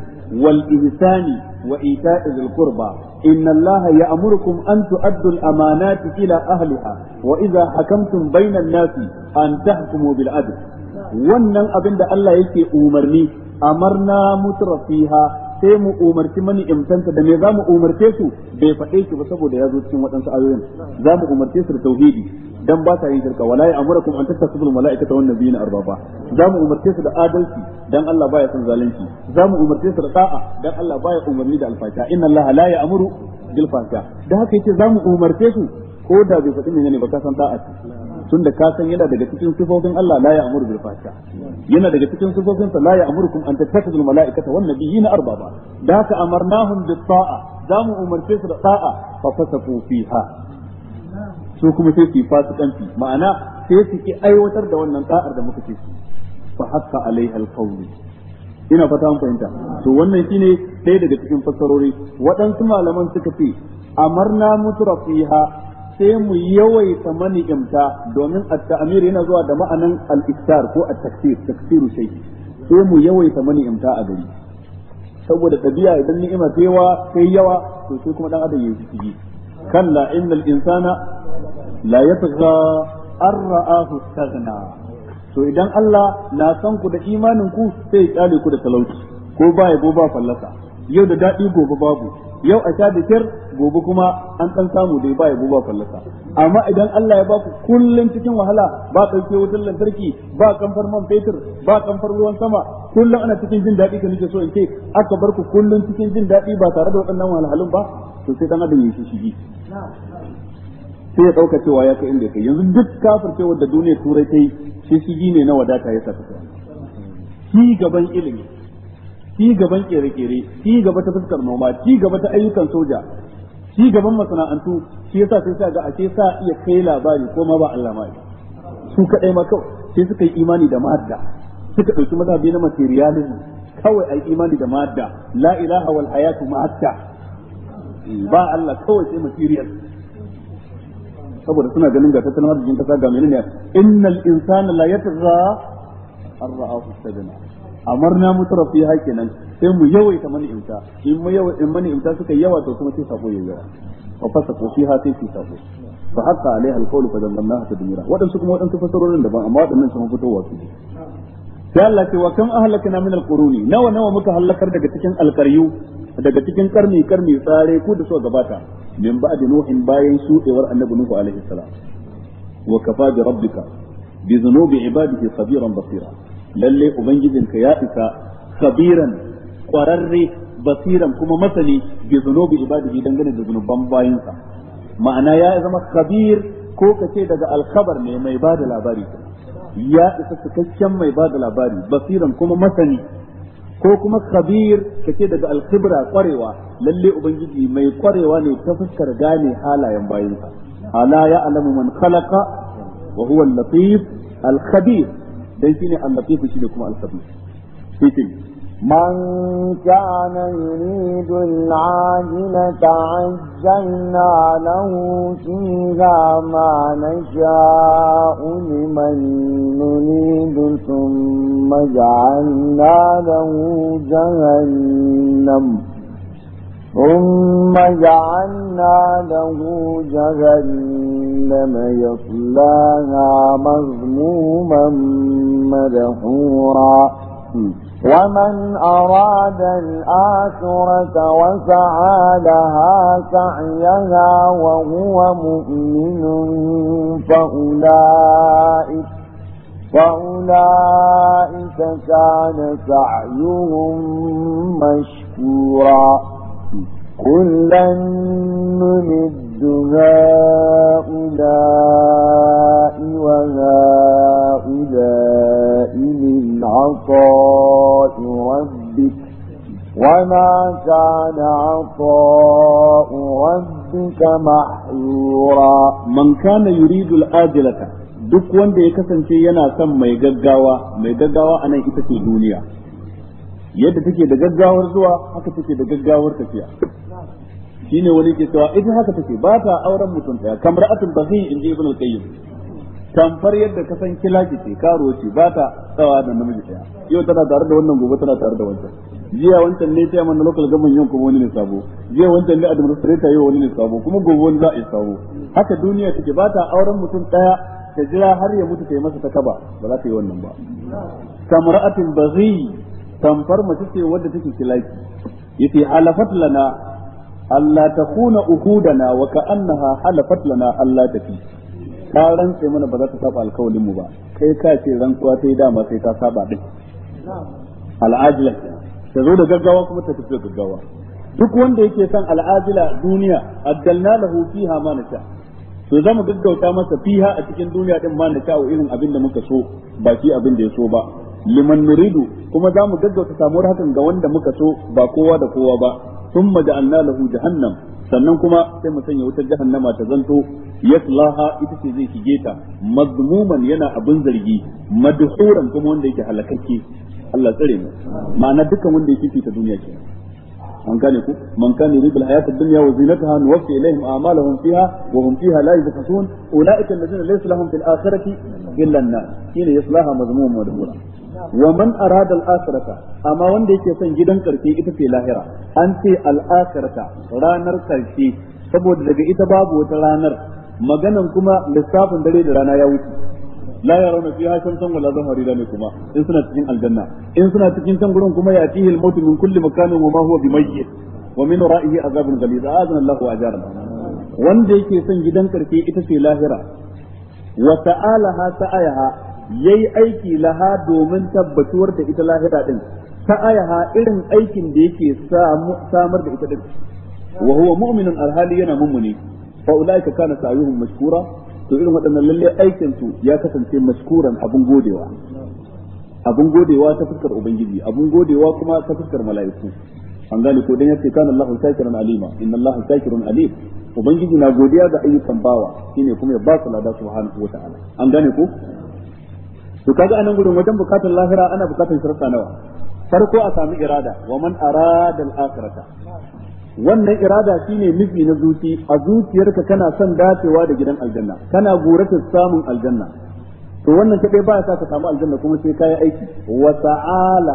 wal ihsani wa ita'i dhil qurba إن الله يأمركم أن تؤدوا الأمانات إلى أهلها وإذا حكمتم بين الناس أن تحكموا بالعدل wannan abin da Allah yake umarni amarna mutrafiha sai mu umarci mani imtanta da me za mu umarce su bai faɗe shi ba saboda ya zo cikin waɗansu ayoyin za mu umarce su da tauhidi dan ba sa yin shirka wala ya kuma an tatta su tattakhudul malaikata wan nabiyina arbaba za mu umarce su da adalci dan Allah baya son zalunci za mu umarce su da da'a dan Allah baya umarni da alfasha inna Allah la ya'muru bil fahsha da haka yace za mu umarce su ko da bai faɗi menene ba ka san da'a tunda ka san yana daga cikin sifofin Allah la ya'muru bil fahsha yana daga cikin sifofin sa la ya'murukum an tattakhudul malaikata wan nabiyina arbaba da haka amarnahum bis ta'a za mu umarce su da da'a fa fasaku fiha su kuma sai su yi fasikanci ma'ana sai su ki aiwatar da wannan da'ar da muka ce su fa hakka alaiha alqawli ina fata an fahimta to wannan shine ɗaya daga cikin fassarori waɗansu malaman suka ce amarna mutura fiha sai mu yawaita mani'imta domin at-ta'mir yana zuwa da ma'anan al-iktar ko at-taksir taksiru shay sai mu yawaita mani'imta a gari saboda tabiya idan ni'ima ta yawa sai yawa to sai kuma dan adam ya yi كلا إن الإنسان لا يطغى أن رآه استغنى to idan Allah na san ku da imanin ku sai ya kyale ku da talauci ko baya yabo ba fallasa yau da daɗi gobe babu yau a sha kyar gobe kuma an dan samu dai ba yabo ba fallasa amma idan Allah ya baku kullum cikin wahala ba kauke wutar lantarki ba kamfar man fetur ba kamfar ruwan sama kullun ana cikin jin daɗi ka nake so in ce aka bar ku kullun cikin jin daɗi ba tare da waɗannan wahalhalun ba to sai dan adam ya shi shi sai ya dauka cewa ya kai inda kai yanzu duk kafircewar da duniya turai kai shi ne na wadata ya saka ci gaban ilimi ci gaban kere-kere ci gaba ta fuskar noma ci gaba ta ayyukan soja Shi gaban masana'antu shi yasa sai sa ga ake sa iya kai labari ko ma ba Allah ma su kadai ma kawai sai suka yi imani da ma'adda suka dauki mazhabi na materialism kawai ai imani da ma'adda la ilaha wal hayatu ma'adda ba Allah kawai sai material saboda suna ganin ga tattalin arzikin kasa ga menene innal insana la yatgha ar-ra'ahu sajana na mutura fi hakinan sai mu yawaita mani imta in mu yawa in mani imta suka yawa to kuma sai sako yayi yawa fa fasaqu fiha sai sako fa hatta alaiha alqawlu fa dallannaha tadmira wadansu kuma wadansu fasarorin daban amma wadannan sun fitowa su sai Allah ce wa kam ahlakna min alquruni nawa nawa muka halakar daga cikin alqaryu daga cikin karni karni tsare ku da so gabata min ba'di nuhin bayan shudewar annabi nuhu alaihi salam wa kafa bi rabbika bi dhunubi ibadihi khabiran basira lalle ubangijinka ya isa kabiran kwararre basiran kuma masani bi zunubi ibadihi dangane da zunuban bayinsa ma'ana ya zama kabir ko kace daga alkhabar ne mai bada da labari ya isa cikakken mai ba da labari basiran kuma masani ko kuma kabir kace daga alkhibra kwarewa lalle ubangiji mai kwarewa ne ta fuskar gane halayen bayinsa ala ya alamu man khalaqa wa huwa al-latif al-khabir dan shine al-latif shine kuma al-khabir sai من كان يريد العاجلة عجلنا له فيها ما نشاء لمن نريد ثم جعلنا له جهنم ثم جعلنا له جهنم جهنم يصلاها مذموما مدحورا ومن أراد الآخرة وسعى لها سعيها وهو مؤمن فأولئك فأولئك كان سعيهم مشكورا كلا نمد هؤلاء وهؤلاء من عطاء ربك وما كان عطاء ربك محظورا من كان يريد الآجلة duk wanda ya kasance yana son mai gaggawa mai gaggawa a nan ita ce duniya yadda take da gaggawar zuwa haka take da gaggawar tafiya shine wani ke cewa ita haka take ba ta auren mutum daya kamar atun bahi in ji ibn al-qayyim tamfar yadda ka san kilaki ce karo ce ba ta tsawa da namiji daya yau tana tare da wannan gobe tana tare da wancan jiya wancan ne chairman na local government yau kuma wani ne sabo jiya wancan ne administrator yau wani ne sabo kuma gobe wani za a yi sabo haka duniya take ba ta auren mutum daya ta jira har ya mutu ta yi masa ta kaba ba za ta yi wannan ba kamar atun bahi tamfar mace ce wadda take kilaki yace halafat lana Allah ta kuna uhudana wa annaha halafat lana Allah ta fi. ka rantse mana ba za ta saba alkawalin mu ba kai ka ce rantsuwa sai dama sai ta saba din al'ajila ta zo da gaggawa kuma ta tafi da gaggawa duk wanda yake son al'ajila duniya addalna lahu fiha ma nasha to za mu gaggauta masa fiha a cikin duniya din ma nasha wa irin abin da muka so ba shi abin da ya so ba liman nuridu kuma za mu gaggauta samuwar hakan ga wanda muka so ba kowa da kowa ba thumma ja'alna lahu jahannam sannan kuma sai mu sanya wutar jahannama ta zanto yaslaha ita ce zai shige ta mazmuman yana abin zargi madhuran kuma wanda yake halakakke Allah tsare mu ma'ana dukkan wanda yake fita duniya ke an gane ku man kana yuridu al-hayata ad-dunya wa zinataha nuwaffi ilayhim a'malahum fiha wa hum fiha la yuzakkasun ulaika alladhina laysa lahum fil akhirati illa an-nar shine yaslaha mazmuman madhuran wa man arada al-akhirata amma wanda yake son gidan karshe ita ce lahira an ce al-akhirata ranar karshe saboda daga ita babu wata ranar maganan kuma lissafin dare da rana ya wuce la yarawna fiha shamsan wala zahariran kuma in suna cikin aljanna in suna cikin can kuma ya tihil mautu min kulli makanin wa ma huwa bimayyit wa min ra'ihi azabun ghaliz Allahu wanda yake son gidan karshe ita ce lahira wa ta'alaha yayi aiki laha domin tabbatuwar da ita lahira din ta ayaha irin aikin da yake samar da ita din wa huwa mu'minun alhali yana mummuni fa ka kana sa'yuhum mashkura to irin waɗannan lalle aikin su ya kasance mashkuran abun godewa abun godewa ta fuskar ubangiji abun godewa kuma ta fuskar mala'iku an gane ko dan yace kana Allahu shakiran alima inna Allahu shakirun alim ubangiji na godiya ga ayyukan bawa shine kuma ya ba su lada subhanahu wataala an gane ko to kaga anan gurin wajen bukatun lahira ana bukatun shirka nawa farko a sami irada wa man arada al-akhirata wannan irada shine nufi na zuci a zuciyarka kana son dacewa da gidan aljanna kana guratar samun aljanna to wannan kadai ba sa ka samu aljanna kuma sai kai aiki wa ta'ala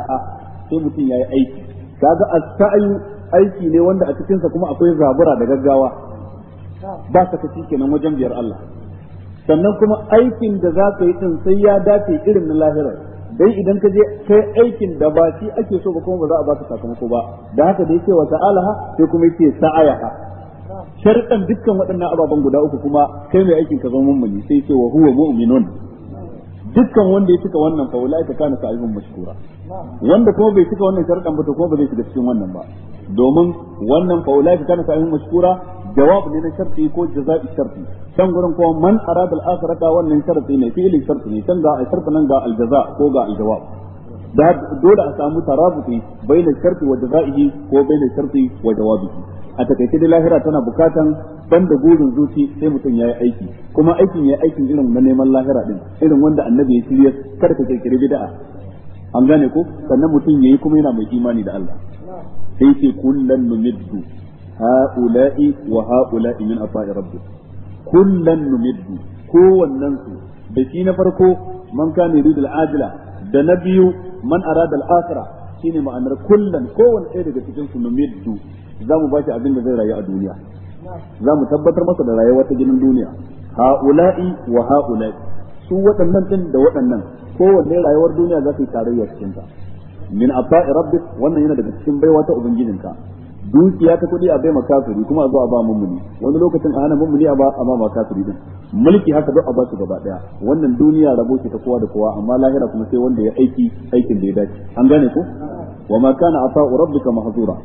sai mutum yayi aiki kaga as-sa'yu aiki ne wanda a cikin sa kuma akwai zabura da gaggawa ba ka cike kenan wajen biyar Allah sannan kuma aikin da za ka yi din sai ya dace irin na lahira dai idan ka je kai aikin da ba shi ake so ba kuma ba za a baka sakamako ba da haka da yake wa ta'alaha sai kuma yake sa'ayaha sharɗan dukkan waɗannan ababen guda uku kuma kai mai aikin ka zama mummuni sai ce wa huwa mu'minun dukkan wanda ya cika wannan fa ulaika kana sa'ihun mashkura wanda kuma bai cika wannan sharɗan ba to kuma ba zai shiga cikin wannan ba domin wannan fa ulai kana sa'in mashkura jawab ne na sharti ko jaza'i sharti san gurin kuma man arada al-akhirata wannan sharti ne fi'li sharti ne can ga a sharti nan ga al-jaza ko ga al-jawab da dole a samu tarabuti baina sharti wa jaza'ihi ko baina sharti wa jawabi a takaice da lahira tana bukatan da gurin zuci sai mutum yayi aiki kuma aikin yayi aikin irin na neman lahira din irin wanda annabi ya shirya kar ka kirkiri bid'a an gane ko sannan mutum yayi kuma yana mai imani da Allah sai ce kullan numiddu ha'ula'i wa ha'ula'i min afa'i rabbik kullan numiddu kowannen su da shi na farko man kana yuridu al-ajila da na biyu man arada al-akhira shine ma'anar kullan kowanne ɗaya daga cikin su numiddu zamu bashi abin da zai rayu a duniya zamu tabbatar masa da rayuwa ta jinin duniya ha'ula'i wa ha'ula'i su waɗannan din da waɗannan kowanne rayuwar duniya za ka yi tarayya cikin ta min abba rabbik wannan yana daga cikin baiwa ta ubangijinka dukiya ta kuɗi a bai ma kafiri kuma a zo a ba mummuni wani lokacin a hana mummuni a ba a ma kafiri din mulki haka duk a ba su gaba daya wannan duniya rabo ce ta kowa da kowa amma lahira kuma sai wanda ya aiki aikin da ya dace an gane ko wa ma kana ata'u rabbika mahzura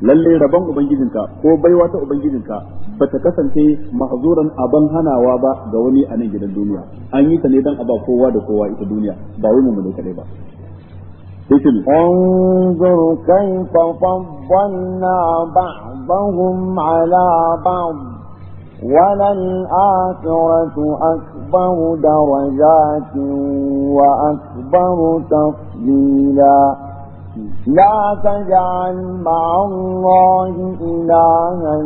lalle rabon ubangijinka ko baiwa ta ubangijinka ba ta kasance ma'azuran abin hanawa ba ga wani a nan gidan duniya an yi ta ne a aba kowa da kowa ita duniya ba wai mu mulai kadai ba Bikin. Anzur kai fafan banna ba bahum ala ba wannan akiratu akbaru da wa akbaru tafila. لا تجعل مع الله إلها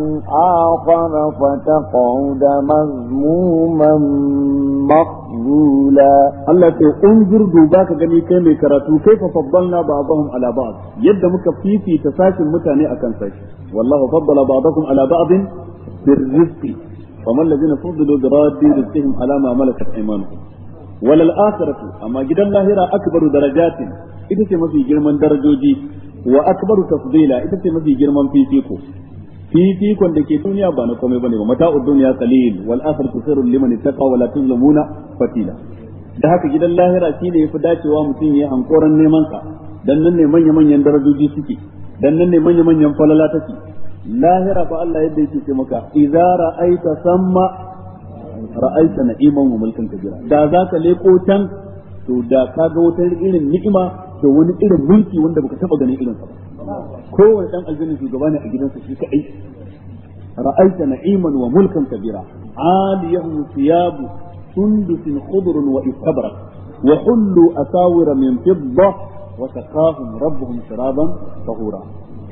آخر فتقعد مذموما مخذولا الله تي انظر دوباك غني كي كراتو كيف فضلنا بعضهم على بعض يد مكفي في تساش المتاني أكن والله فضل بعضكم على بعض بالرزق فما الذين فضلوا براد رزقهم على ما ملكت أيمانهم وللآخرة أما جدا لاهرة أكبر درجات ita ce mafi girman darajoji wa akbaru tafdila ita ce mafi girman fifiko fifikon da ke duniya ba na komai bane ba mata'ud dunya qalil wal akhiratu khairul liman ittaqa wa la tuzlamuna fatila da haka gidan lahira shine yafi dacewa mutum ya hankoran neman sa dan nan ne manya manyan darajoji suke dan nan ne manya manyan falala take lahira fa Allah yadda yake ce maka idza ra'aita samma ra'aita na'iman wa mulkan kabira da zaka leko can to da kaga wutar irin ni'ima da wani irin mulki wanda baka taba ganin irin sa kowane dan aljanna shugaba ne a gidansa shi kadai ra'aita na'iman wa mulkan kabira aliyahum thiyabu sundusin khudrun wa istabrak wa hullu asawira min fidda wa saqahum rabbuhum sharaban tahura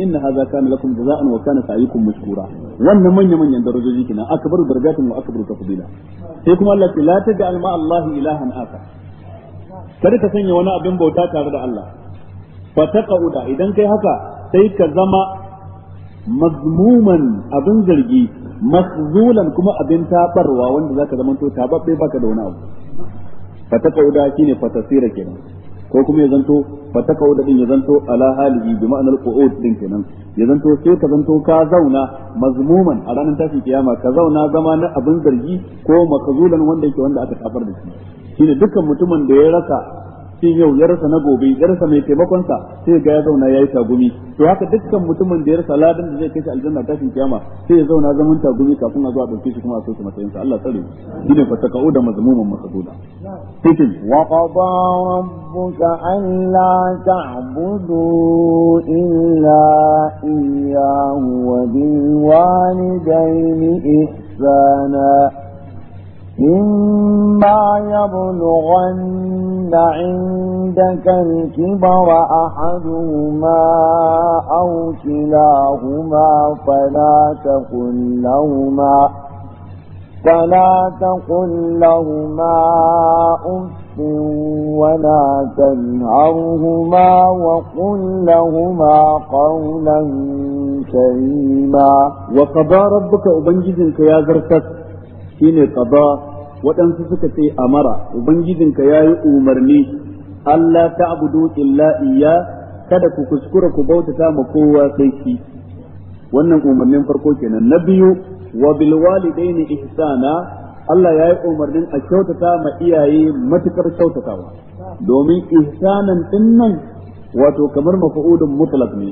inna hadha kana lakum jaza'an wa kana sa'yukum mashkura wannan manyan manyan darajoji kina akbaru darajatin wa akbaru tafdila sai kuma Allah ya la taj'al ma Allah ilahan akar kada ka sanya wani abin bauta tare da Allah fa taqauda idan kai haka sai ka zama mazmuman abin zargi maszulan kuma abin tabarwa wanda zaka zama to tababbe baka da wani abu fa taqauda shine fa tasira kenan ko kuma ya zanto fa taqauda din ya zanto ala halihi bi ma'anar qu'ud din kenan ya zanto sai ka zanto ka zauna mazmuman a ranar tafi kiyama ka zauna zama na abin zargi ko makazulan wanda yake wanda aka kafar da shi shine dukkan mutumin da ya raka. cin yau ya rasa na gobe ya rasa mai taimakon sa sai ga ya zauna yayi tagumi to haka dukkan mutumin da ya rasa ladan da zai kai shi aljanna tashin kiyama sai ya zauna zaman tagumi kafin a zo a dauke shi kuma a soke matsayin Allah tsare shi ne fatakau da mazmuman masaduda tikin wa qada rabbuka an la ta'budu illa iyyahu wa bil walidayni ihsana إما يبلغن عندك الكبر أحدهما أو كلاهما فلا تقل لهما فلا تقل لهما أف ولا تنهرهما وقل لهما قولا كريما وقضى ربك أبنجدك يا زرتك shine qada waɗansu suka ce amara ubangijinka ya yi umarni Allah ta abudu illa iya kada ku kuskura ku bautata ma kowa sai wannan umarnin farko kenan na biyu wa bil walidaini ihsana Allah ya yi umarnin a kyautata ma iyaye matukar kyautatawa domin ihsanan nan, wato kamar mafa'udun mutlaq ne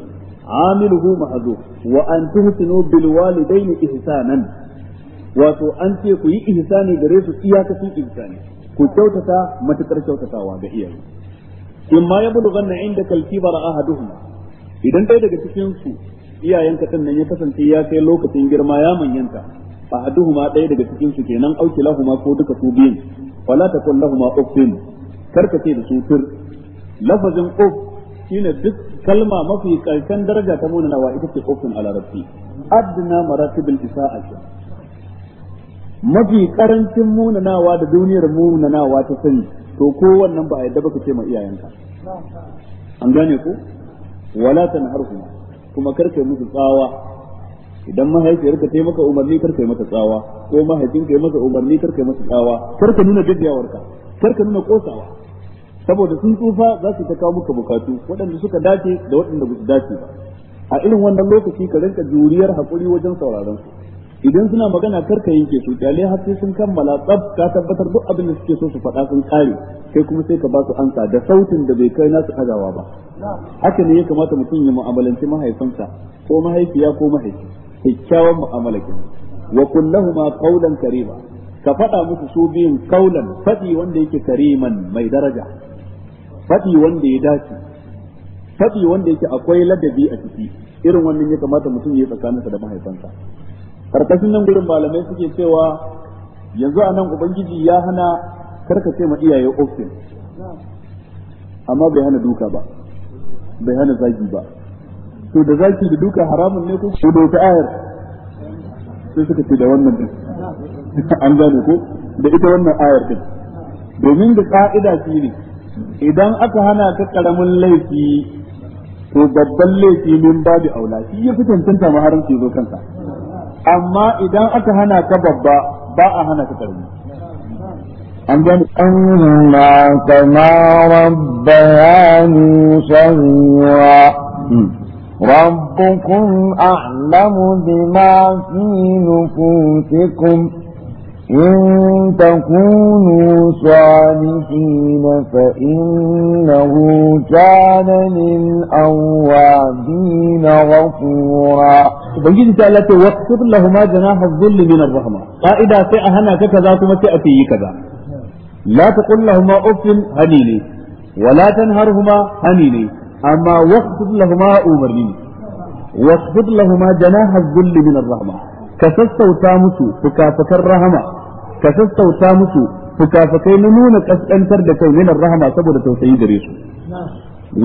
amiluhu ma'zuf wa an tuhsinu bil walidaini ihsanan wato an ce ku yi ihsani gare su su ihsani ku kyautata matakar kyautatawa ga iyaye in ma ya bulu ganna inda kalkibar ahaduhum idan ɗaya daga cikin su iyayen ka nan ya kasance ya kai lokacin girma ya manyanta ma ɗaya daga cikin su kenan auki lahuma ko duka su biyin wala takun lahuma uffin karka ce da su lafazin uff shine duk kalma mafi karshen daraja ta wa ita ce uffin a larabci adna maratibil isa'ati mafi karancin munanawa da duniyar munanawa ta sani to ko wannan ba a yadda baka ce ma iyayenka an gane ku? wala tanharhuma kuma karkai musu tsawa idan mahaifiyarka ta yi maka umarni karkai mata tsawa ko mahaifinka ya maka umarni karkai masa tsawa karka nuna gajiyawarka karka nuna kosawa saboda sun tsufa za su ta kawo muka bukatu waɗanda suka dace da waɗanda ba su dace ba a irin wannan lokaci ka rinka juriyar haƙuri wajen sauraron su idan suna magana karka yanke su kyale har sai sun kammala tsab ka tabbatar duk abin da suke so su faɗa sun kare kai kuma sai ka ba su ansa da sautin da bai kai nasu ɗagawa ba haka ne ya kamata mutum ya mu'amalanci mahaifinsa ko mahaifiya ko mahaifi kyakkyawan mu'amala wa kullahuma qawlan karima ka faɗa musu su biyun kaulan faɗi wanda yake kariman mai daraja faɗi wanda ya dace faɗi wanda yake akwai ladabi a ciki irin wannan ya kamata mutum ya yi tsakaninsa da mahaifinsa karkashin nan gurin malamai suke cewa yanzu a nan ubangiji ya hana ce ma iyaye ofin amma bai hana duka ba bai hana zagi ba to da zaki da duka haramun ne ko ko da wata ayar sai suka ce da wannan din <laughs> an gane ko da ita wannan ayar din domin da ka'ida shi ne idan aka hana ta karamin laifi to babban laifi min babu aula shi ya fi cancanta ma haramci zo kansa. amma idan aka hana ka babba ba a hana ka karami an gani amma kama rabbayani saghira ربكم أعلم بما في نفوسكم إن تكونوا صالحين فإنه كان للأوابين ubangiji ta Allah ce waqtub lahumma janaha dhulli min ar-rahma qaida sai a hana ka kaza kuma sai a ce yi kaza la taqul lahumma uffin hanini wa la tanharhuma hanini amma waqtub lahumma umarni waqtub lahumma janaha dhulli min ar-rahma ka sassauta musu fukafukan rahama ka sassauta musu fukafukai na nuna kaskantar da kai min ar-rahma saboda tausayi gare su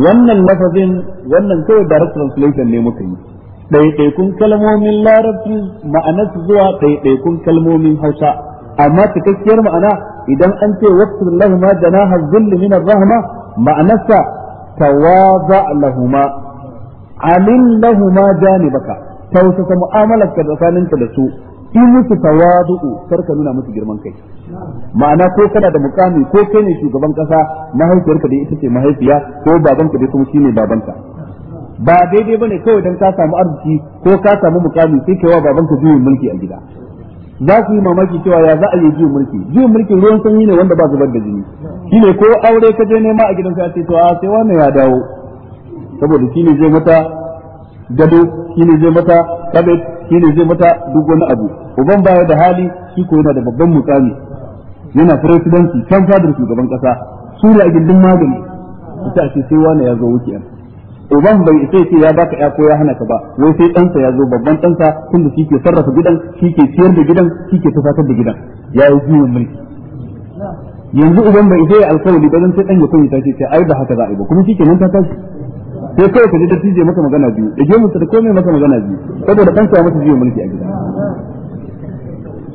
wannan lafazin wannan kai direct translation ne muka yi ɗaiɗaikun kalmomin larabci ma'anarsu zuwa ɗaiɗaikun kalmomin hausa amma cikakkiyar ma'ana idan an ce waqtul lahuma da na dhulli min ar-rahma ma'anarsa tawaza lahuma alin lahuma baka, tausasa ka tsakaninka da su in musu tawadu'u kar ka nuna musu girman kai ma'ana ko kana da mukami ko kai ne shugaban kasa mahaifiyarka da ita ce mahaifiya ko babanka da kuma shine babanka ba daidai bane kawai dan ka samu arziki ko ka samu mukami sai kai wa ka juyin mulki a gida za su yi mamaki cewa ya za a yi juyin mulki juyin mulki ruwan sanyi ne wanda ba zubar da jini shine ko aure ka je nema a gidan ka ce to a sai wannan ya dawo saboda shine zai mata gado shine zai mata kabet shine zai mata duk wani abu uban baya da hali shi ko yana da babban mukami yana presidancy kan fadar shugaban kasa sura a gindin magani ita a ce sai wani ya zo wuki uban bai isa ce ya baka ya ko ya hana ka ba wai sai ɗansa ya zo babban ɗansa tunda shi ke sarrafa gidan shi ke ciyar da gidan shi ke tufatar da gidan ya yi jiwon mulki yanzu uban bai isa ya alkawari ba zan sai ɗan ya kuma ta ce ai ba haka za a yi ba kuma shi ke nan ta tashi sai kawai ka ji dattijo maka magana biyu da gemunsa da komai maka magana biyu saboda ɗansa ya masa jiwon mulki a gida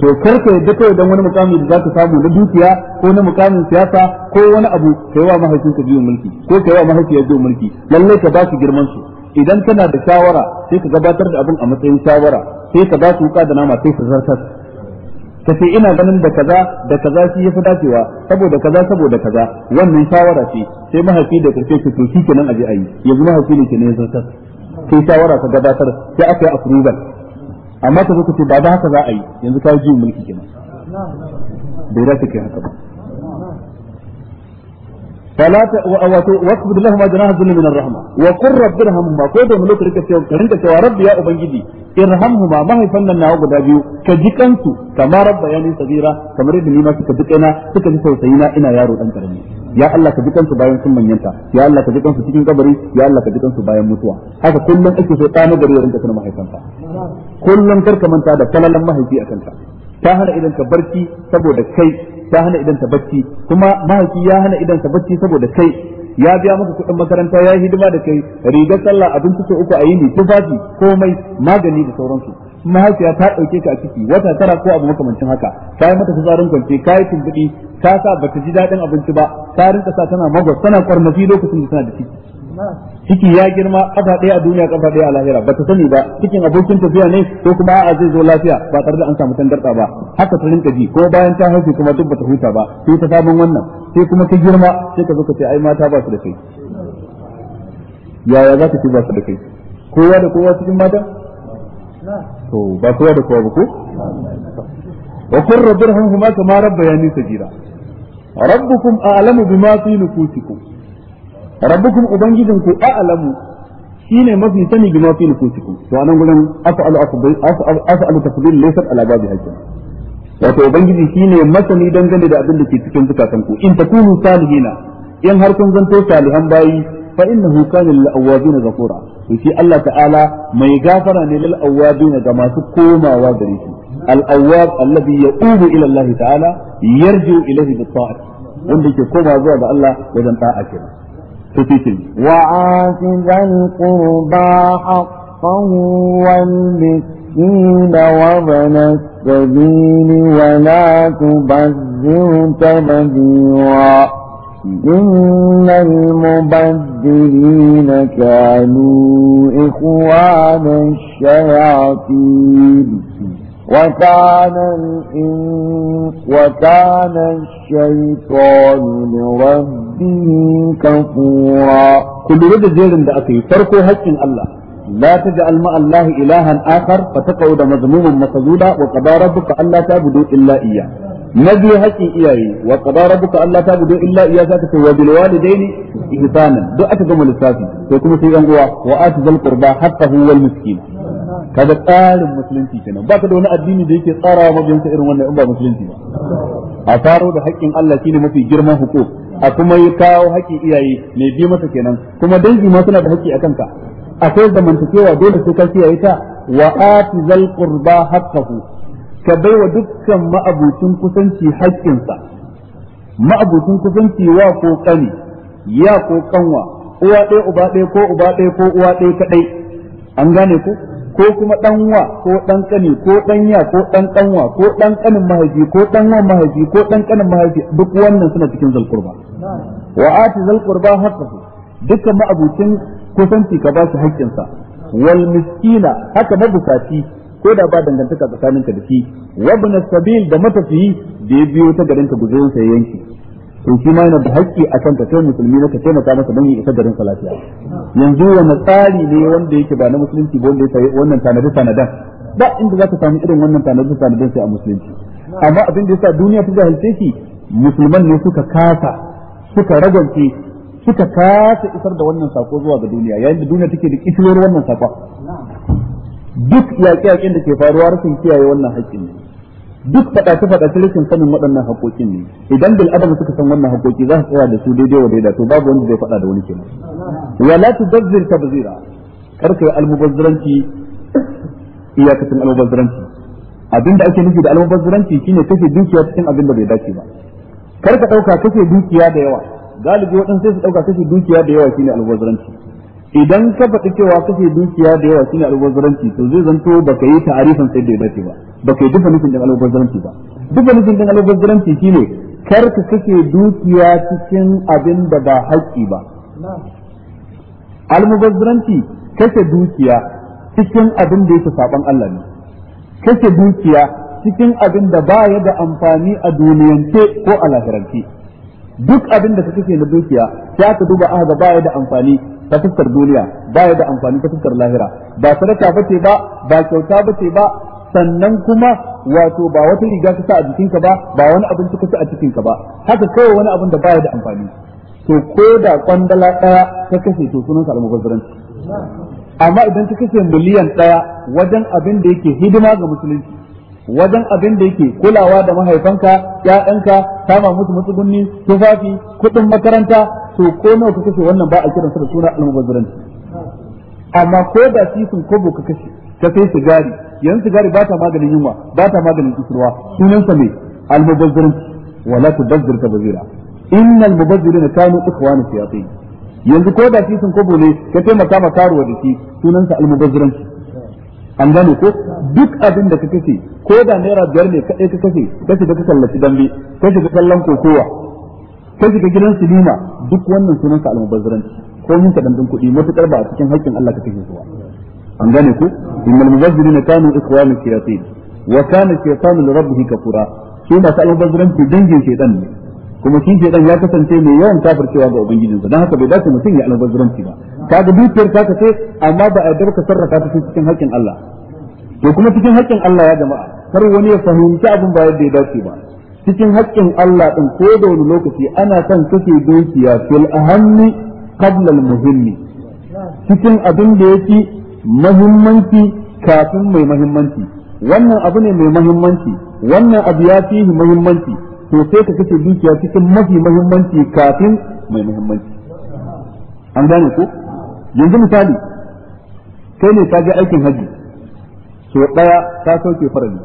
to kar ka yadda kawai dan wani mukami da zaka samu na dukiya ko na mukamin siyasa ko wani abu kai wa mahaifinka biyu mulki ko kai wa mahaifiyar biyu mulki lalle ka ba su girman su idan kana da shawara sai ka gabatar da abin a matsayin shawara sai ka ba su wuka da nama sai ka zarta ka ce ina ganin da kaza da kaza shi yafi dacewa saboda kaza saboda kaza wannan shawara ce sai mahaifi da karshe ka to kenan aje ayi yanzu mahaifi ne ke ne zartar sai shawara ka gabatar sai aka yi approval amma ka zo ka ce ba da haka za a yi yanzu ka ji mulki kenan bai da take haka ba wa فلا ت... واخفض لهما جناح الذل من الرحمة وقل رب ارحمهما كو da mulki rika cewa rinka cewa rabbi ya ubangiji irhamhuma mahaifan nan nawa guda biyu ka ji kansu kamar rabba ya ni sabira kamar yadda ni ma suka ji kaina suka ji tausayi na ina yaro dan karami ya Allah ka ji kansu bayan sun manyanta ya Allah ka ji kansu cikin kabari ya Allah ka ji kansu bayan mutuwa haka kullum ake so ɗa na gari ya rinka tuna mahaifansa kullum karka manta da falalan mahaifi a kanta ta hana idan ka barci saboda kai ta hana idan ta barci kuma mahaifi ya hana idan ta barci saboda kai ya biya maka kuɗin makaranta ya hidima da kai riga sallah abinci sau uku a yini tufafi komai magani da sauransu mahaifiya ta ɗauke ka a ciki wata tara ko abu makamancin haka ta yi mata fitsarin kwance ka yi tumbuɗi ta sa ta ji daɗin abinci ba ta rinka sa tana magwas tana kwarmafi lokacin da tana da ciki ciki ya girma kafa ɗaya a duniya kafa ɗaya a lahira ba ta sani ba cikin abokin tafiya ne ko kuma a'a zai zo lafiya ba tare da an samu tangarɗa ba haka ta rinka ji ko bayan ta haifi kuma duk ba ta huta ba sai ta sabon wannan sai kuma ta girma sai ka zo ka ce ai mata ba su da kai yaya za ka ce ba su da kai kowa da kowa cikin mata to ba kowa da kowa ba ko wa qur huma kama rabbayani sajira rabbukum a'lamu bima fi nufusikum rabbukum ubangijinku a'lamu shine mafi sani bi ma fi nufusikum to anan gurin af'alu af'alu tafdil laysa ala babi hakkin wato ubangiji shine masani dangane da abin da ke cikin zukatan ku in takunu salihina in har kun zanto salihan bayi fa innahu kana lil awabin ghafura to shi Allah ta'ala mai gafara ne lil awabin ga masu komawa gare shi al awab alladhi ya'ubu ila Allah ta'ala yarju ilayhi bi ta'ati wanda ke koma zuwa ga Allah wajen ta'a kenan وآت ذا القربى حقه والمسكين وابن السبيل ولا تبذر تبذيرا إن المبذرين كانوا إخوان الشياطين وكان وكان الشيطان لربه كفورا كل رد جيرن ده أكي فرقوا حق الله لا تجعل مع الله إلها آخر فتقعد مذموما مسجودا وقضى ربك ألا تعبدوا إلا إياه نبي حق إياه وقضى ربك ألا تعبدوا إلا إياه ذاتك وبالوالدين إحسانا دعة جمل السافي فيكون في أنقوى وآت ذا القربى حقه والمسكين kaga tsarin musulunci kenan ba ka da wani addini da yake tsarawa mabiyansa irin wannan in ba musulunci ba a faro da haƙƙin Allah shine mafi girman hukuk a kuma ya kawo haƙƙin iyaye mai bi masa kenan kuma dangi ma suna da haƙƙi a kanka akwai zamantakewa dole sai ka kiyaye ta wa atizal qurba haqqahu ka baiwa dukkan ma'abucin kusanci haƙƙinsa ma'abucin kusanci wa ko kani ya ko kanwa uwa ɗaya uba ɗaya ko uba ɗaya ko uwa ɗaya kaɗai an gane ku ko kuma ɗanwa ko ɗan ƙani ko ɗanya ko ɗan ɗanwa ko ɗan ƙanin mahaifi ko ɗanwan mahaifi ko ɗan ƙanin mahaifi duk wannan suna cikin zalkurba wa ati zalkurba su dukkan ma'abucin kusanci ka ba shi haƙƙinsa wal miskina haka mabukaci ko da ba dangantaka tsakaninka da shi wa sabil da matafiyi da ya biyo ta garin ka guzurinsa ya yanke. In shi ma yana da haƙƙi a kan ka musulmi na ka taimaka masa don ya isa garin sa lafiya yanzu wani tsari ne wanda yake ba na musulunci ba wanda ya sayi wannan tanadi tanadan ba inda za ka samu irin wannan tanadi tanadan sai a musulunci amma abin da yasa duniya ta jahilce shi musulman ne suka kasa suka ragance suka kasa isar da wannan sako zuwa ga duniya yayin da duniya take da kishiyar wannan sako duk yaƙe-yaƙen da ke faruwa rashin kiyaye wannan haƙƙin ne duk su faɗace rashin sanin waɗannan haƙoƙin ne idan bil adam suka san wannan haƙoƙi za su tsaya da su daidai wa daidai to babu wanda zai faɗa da wani kenan wala tubazzir tabzira kar kai almubazziranci iyakacin almubazziranci abinda ake nufi da almubazziranci shine kashe dukiya cikin abin da bai dace ba kar ka ɗauka kashe dukiya da yawa galibi waɗansu sai su ɗauka kashe dukiya da yawa shine almubazziranci idan ka faɗi cewa kake dukiya da yawa cikin albazaranci to zai zanto ba ka yi ta'arifan sai da dace ba ka yi duka nufin ɗan albazaranci ba duka nufin ɗan albazaranci shine kar ka kake dukiya cikin abin da ba haƙƙi ba almubazzaranci kake dukiya cikin abin da yake saban Allah ne Kake dukiya cikin abin da ba ya da amfani a duniyance ko a lahirance duk abin da ka na dukiya sai ka duba aka ga baya da amfani ta fuskar duniya baya da amfani ta fuskar lahira ba sadaka bace ba ba kyauta bace ba sannan kuma wato ba wata riga ka sa a jikinka ba ba wani abin ka sa a cikinka ba haka kawai wani abin da baya da amfani to ko da kwandala daya ka kashe to sunan sa amma idan ka kashe miliyan daya wajen abin da yake hidima ga musulunci wajen abin da yake kulawa da mahaifanka ƴaƴanka kama musu matsugunni tufafi kuɗin makaranta to ko nawa ka kashe wannan ba a kiransa da suna almubazzaranci amma ko da sisin kobo ka kashe ka sai sigari yanzu sigari ba ta maganin yunwa ba ta maganin kusurwa sunansa ne almubazzaranci wala ta ta tubazzir tabzira innal mubazzirina kanu ikhwana shayatin yanzu ko da sisin kobo ne ka taimaka ma karuwa da shi sunansa almubazzaranci an gane ko duk abin da ka kashe ko da naira biyar ne kaɗai ka kashe ka shiga ka dambe ka shiga kallon kokowa ka shiga gidan sinima duk wannan sunansa almubazzaranci ko yin ka dandan kuɗi matuƙar ba a cikin haƙƙin Allah ka kashe zuwa an gane ko innal mubazzirina kanu ikhwanu shayatin wa kana shaytanu li rabbih kafura su masu almubazzaranci dangin shaytan ne kuma shi shaytan ya kasance mai yawan kafircewa ga ubangijinsa dan haka bai dace mutum ya almubazzaranci ba kaga dukiyar ta kace amma ba a darka sarrafa ta cikin haƙƙin Allah to kuma cikin haƙƙin Allah ya jama'a kar wani ya fahimci abin ba yadda ya dace ba cikin haƙƙin Allah din ko da wani lokaci ana son kace dukiya fil ahammi qabla al muhimmi cikin abin da yake muhimmanci kafin mai muhimmanci wannan abu ne mai muhimmanci wannan abu ya fi muhimmanci to sai ka kace dukiya cikin mafi muhimmanci kafin mai muhimmanci an gane ku. yanzu misali kai ne ka je aikin haji so daya ka sauke farali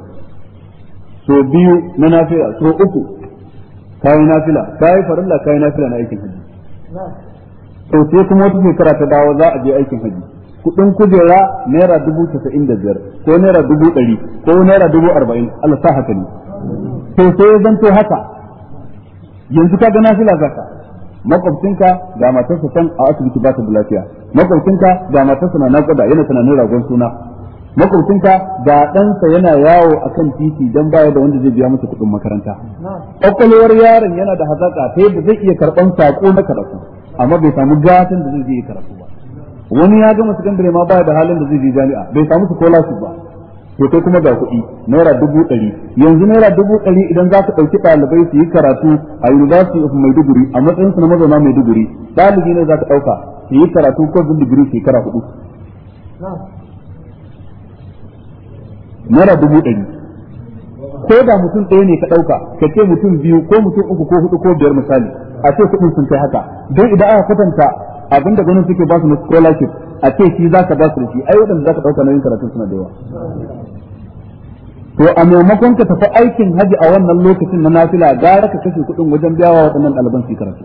so biyu na nafila so uku ka yi nafila ka yi farilla ka yi nafila na aikin haji to sai kuma wata shekara ta dawo za a je aikin haji kudin kujera naira dubu casa'in da biyar ko naira dubu ɗari ko naira dubu arba'in Allah sa haka ne to sai ya zanto haka yanzu ka ga nafila zaka makwabcinka ga matarsa san a asibiti ba ta da lafiya makwabcinka ga matarsa na naƙuda yana tunanin ragon suna makwabcinka ga ɗansa yana yawo a kan titi don baya da wanda zai biya masa kuɗin makaranta ƙwaƙwalwar yaron yana da hazaƙa ta yadda zai iya karɓan saƙo na karatu amma bai samu gatan da zai je karatu ba wani ya gama sakandare ma baya da halin da zai je jami'a bai samu su kola ba to kai kuma ga kuɗi naira dubu ɗari yanzu naira dubu ɗari idan za ka ɗauki ɗalibai su yi karatu a university of maiduguri a matsayin su na mazauna maiduguri ɗalibi ne za ka ɗauka su yi karatu ko zin digiri shekara hudu naira dubu ɗari ko da mutum ɗaya ne ka ɗauka ka ce mutum biyu ko mutum uku ko hudu ko biyar misali a ce kuɗin sun kai haka don idan aka kwatanta da ganin suke ba su na scholarship a ce shi za ka ba su da shi ayyukan da za ka ɗauka nauyin karatun suna da yawa to a maimakon ka tafi aikin haji a wannan lokacin na nafila gara ka kashe kuɗin wajen biyawa waɗannan ɗaliban su karatu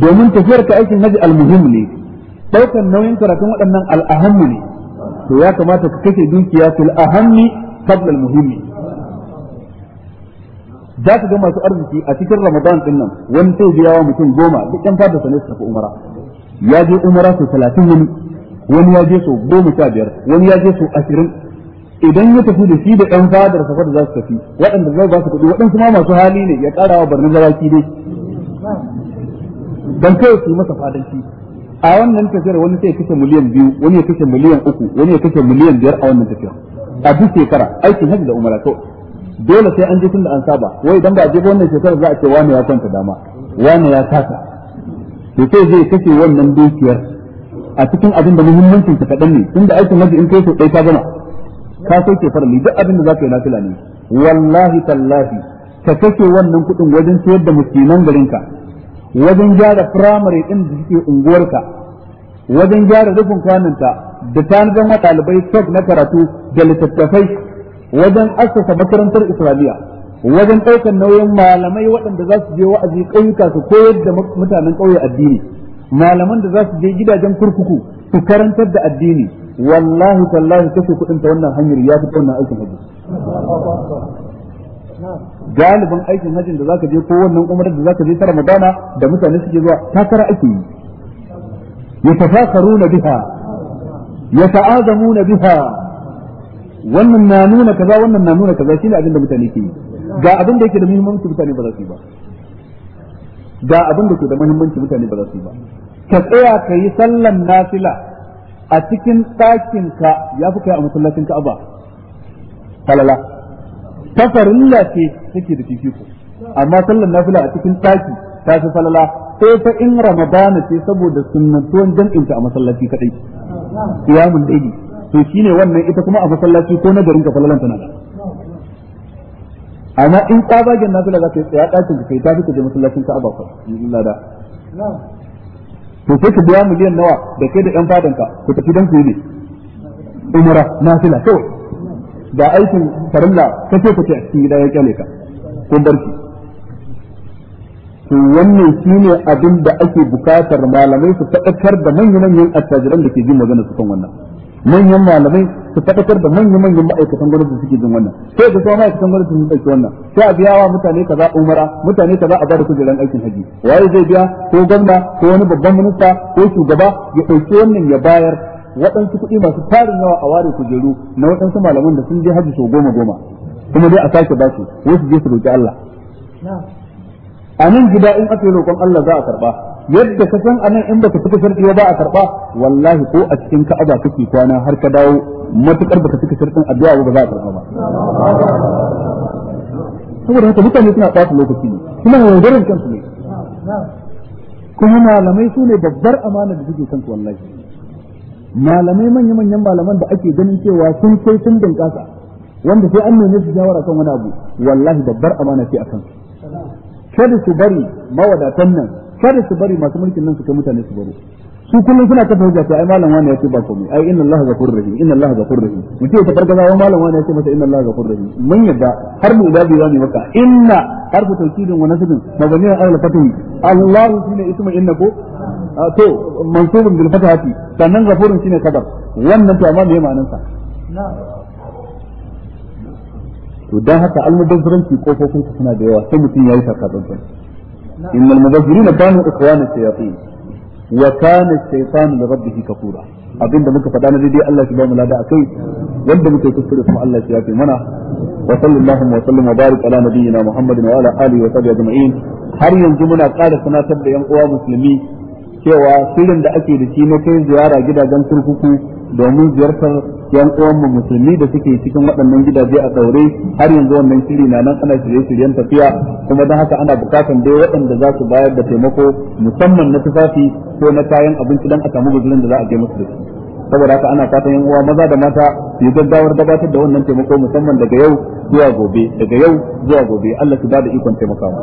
domin tafiyar ka aikin haji almuhim ne ɗaukar nauyin karatun waɗannan al'ahammu ne to ya kamata ka kashe dukiya fil ahammi qabla muhimmi. za ka ga masu arziki a cikin ramadan din nan wani sai biyawa mutum goma duk ɗan fata sanar su tafi umara ya je umara sau talatin wani wani ya je sau goma sha biyar wani ya je sau ashirin idan ya tafi da shi da ɗan fadar sa da za su tafi waɗanda zai ba su kuɗi waɗansu ma masu hali ne ya ƙara wa barnin zawaki dai dan kai su masa fadanci a wannan tafiyar wani sai ya kashe miliyan biyu wani ya kashe miliyan uku wani ya kashe miliyan biyar a wannan tafiyar a duk shekara aikin hajji da umara kawai dole sai an je tun da an saba wai idan ba a je wannan shekarar za a ce wani ya kwanta dama wani ya kasa to sai zai kashe wannan dukiyar a cikin abin da muhimmancin ta kaɗan ne tunda aikin hajji in kai so ɗaya ka gama ka sauke farali duk abin da ka yi nafila ne wallahi tallahi ka kake wannan kuɗin wajen sayar da miskinan garinka wajen gyara firamare ɗin da suke unguwarka wajen gyara rufin kwananta da tanadar wa ɗalibai sok na karatu da littattafai wajen assasa makarantar Isra'iliya wajen ɗaukar nauyin malamai waɗanda za su je wa'azi ƙauyuka su koyar da mutanen ƙauye addini malaman da za su je gidajen kurkuku su karantar da addini wallahi tallahi kashe kuɗin ta wannan hanyar ya fi wannan aikin haji galibin aikin hajin da zaka je ko wannan umarar da zaka je ta magana da mutane suke zuwa ta takara ake yi yatafakaruna biha yata'azamuna biha wannan na nuna kaza wannan na nuna kaza shine abin da mutane ke yi ga abin da yake da muhimmanci mutane ba za su yi ba ga abin da ke da muhimmanci mutane ba za su yi ba ka tsaya ka yi sallan nafila a cikin ɗakinka ya fi kai a masallacin ka'aba falala ta farilla ce take da fifiko amma sallar nafila a cikin ɗaki ta fi falala sai ta in ramadana ce saboda sunnantuwan jam'inta a masallaci kadai kiyamun daili to shine wannan ita kuma a masallaci ko na garin ka falalan tana da amma in tsabagen nafila za ka yi tsaya ɗakin ka kai ta fi ka je masallacin ka'aba fa lada to sai ka biya miliyan nawa da kai da ɗan fadanka ku tafi dan ku yi na fila kawai da aikin farilla kace ce a cikin gida ya kyale ka ko barki to wannan ne abin da ake bukatar malamai su faɗakar da manyan manyan attajiran da ke jin magana su kan wannan manyan malamai su fadakar da manyan manyan ma'aikatan gwamnati suke jin wannan sai da kuma ma'aikatan gwamnati sun dauki wannan sai a biya wa mutane kaza umara mutane kaza a bada kujeran aikin haji waye zai biya ko gwamna ko wani babban minista ko shugaba ya dauki wannan ya bayar waɗansu kuɗi masu tarin yawa a ware kujeru na waɗansu malaman da sun je haji sau goma goma kuma dai a sake ba su wasu je su roki Allah a nan gida in aka yi roƙon Allah za a karɓa yadda ka san anan in baka cika sharti ba a karba wallahi ko a cikin ka'aba kake kwana har ka dawo matukar baka cika shartin addu'a ba za a karba ba saboda haka mutane suna ɓata lokaci ne suna yaudarar kansu ne kuma malamai su ne babbar amana da suke kansu wallahi malamai manya-manyan malaman da ake ganin cewa sun kai sun dinkasa wanda sai an nemi su shawara kan wani abu wallahi babbar amana ce a kansu kada su bari mawadatan nan kada su bari masu mulkin nan su kai mutane su baro su kullum suna ta hujja to ai malam wani ya ce ba komai ai inna allaha ghafurur rahim inna allaha ghafurur rahim mutum ya barka gazawa malam wani ya ce masa inna allaha ghafurur rahim mun yadda har mu idabi zani maka inna harfu tawkidin wa nasbin mabniyan ala fatin allahu shine ismu inna ko ah, to mansubun bil fatahati sannan ghafurun shine kadar wannan to amma me ma'anar sa to dan haka almubazzaranci kofofin suna da yawa sai mutum yayi sakatsantsan innal mubazzirina kanu ikhwana shayatin wa kana shaytanu li rabbih kafura abinda muka faɗa na daidai Allah shi ba mu lada akai wanda muke kuskure kuma Allah shi ya fi mana wa sallallahu wa sallam wa barik ala nabiyyina muhammadin wa ala alihi wa sahbihi ajma'in har yanzu muna ƙara sanatar da yan uwa musulmi cewa shirin da ake da shi na kai ziyara gidajen kurkuku domin ziyartar yan uwanmu musulmi da suke cikin waɗannan gidaje a ɗaure har yanzu wannan shiri na nan ana shirye-shiryen tafiya kuma don haka ana bukatan dai waɗanda za su bayar da taimako musamman na tufafi ko na kayan abinci don a samu guzurin da za a je musu da saboda haka ana fatan yan uwa maza da mata yi gaggawar gabatar da wannan taimako musamman daga yau zuwa gobe daga yau zuwa gobe Allah su da ikon taimakawa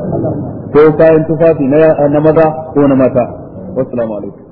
ko kayan tufafi na maza ko na mata wassalamu alaikum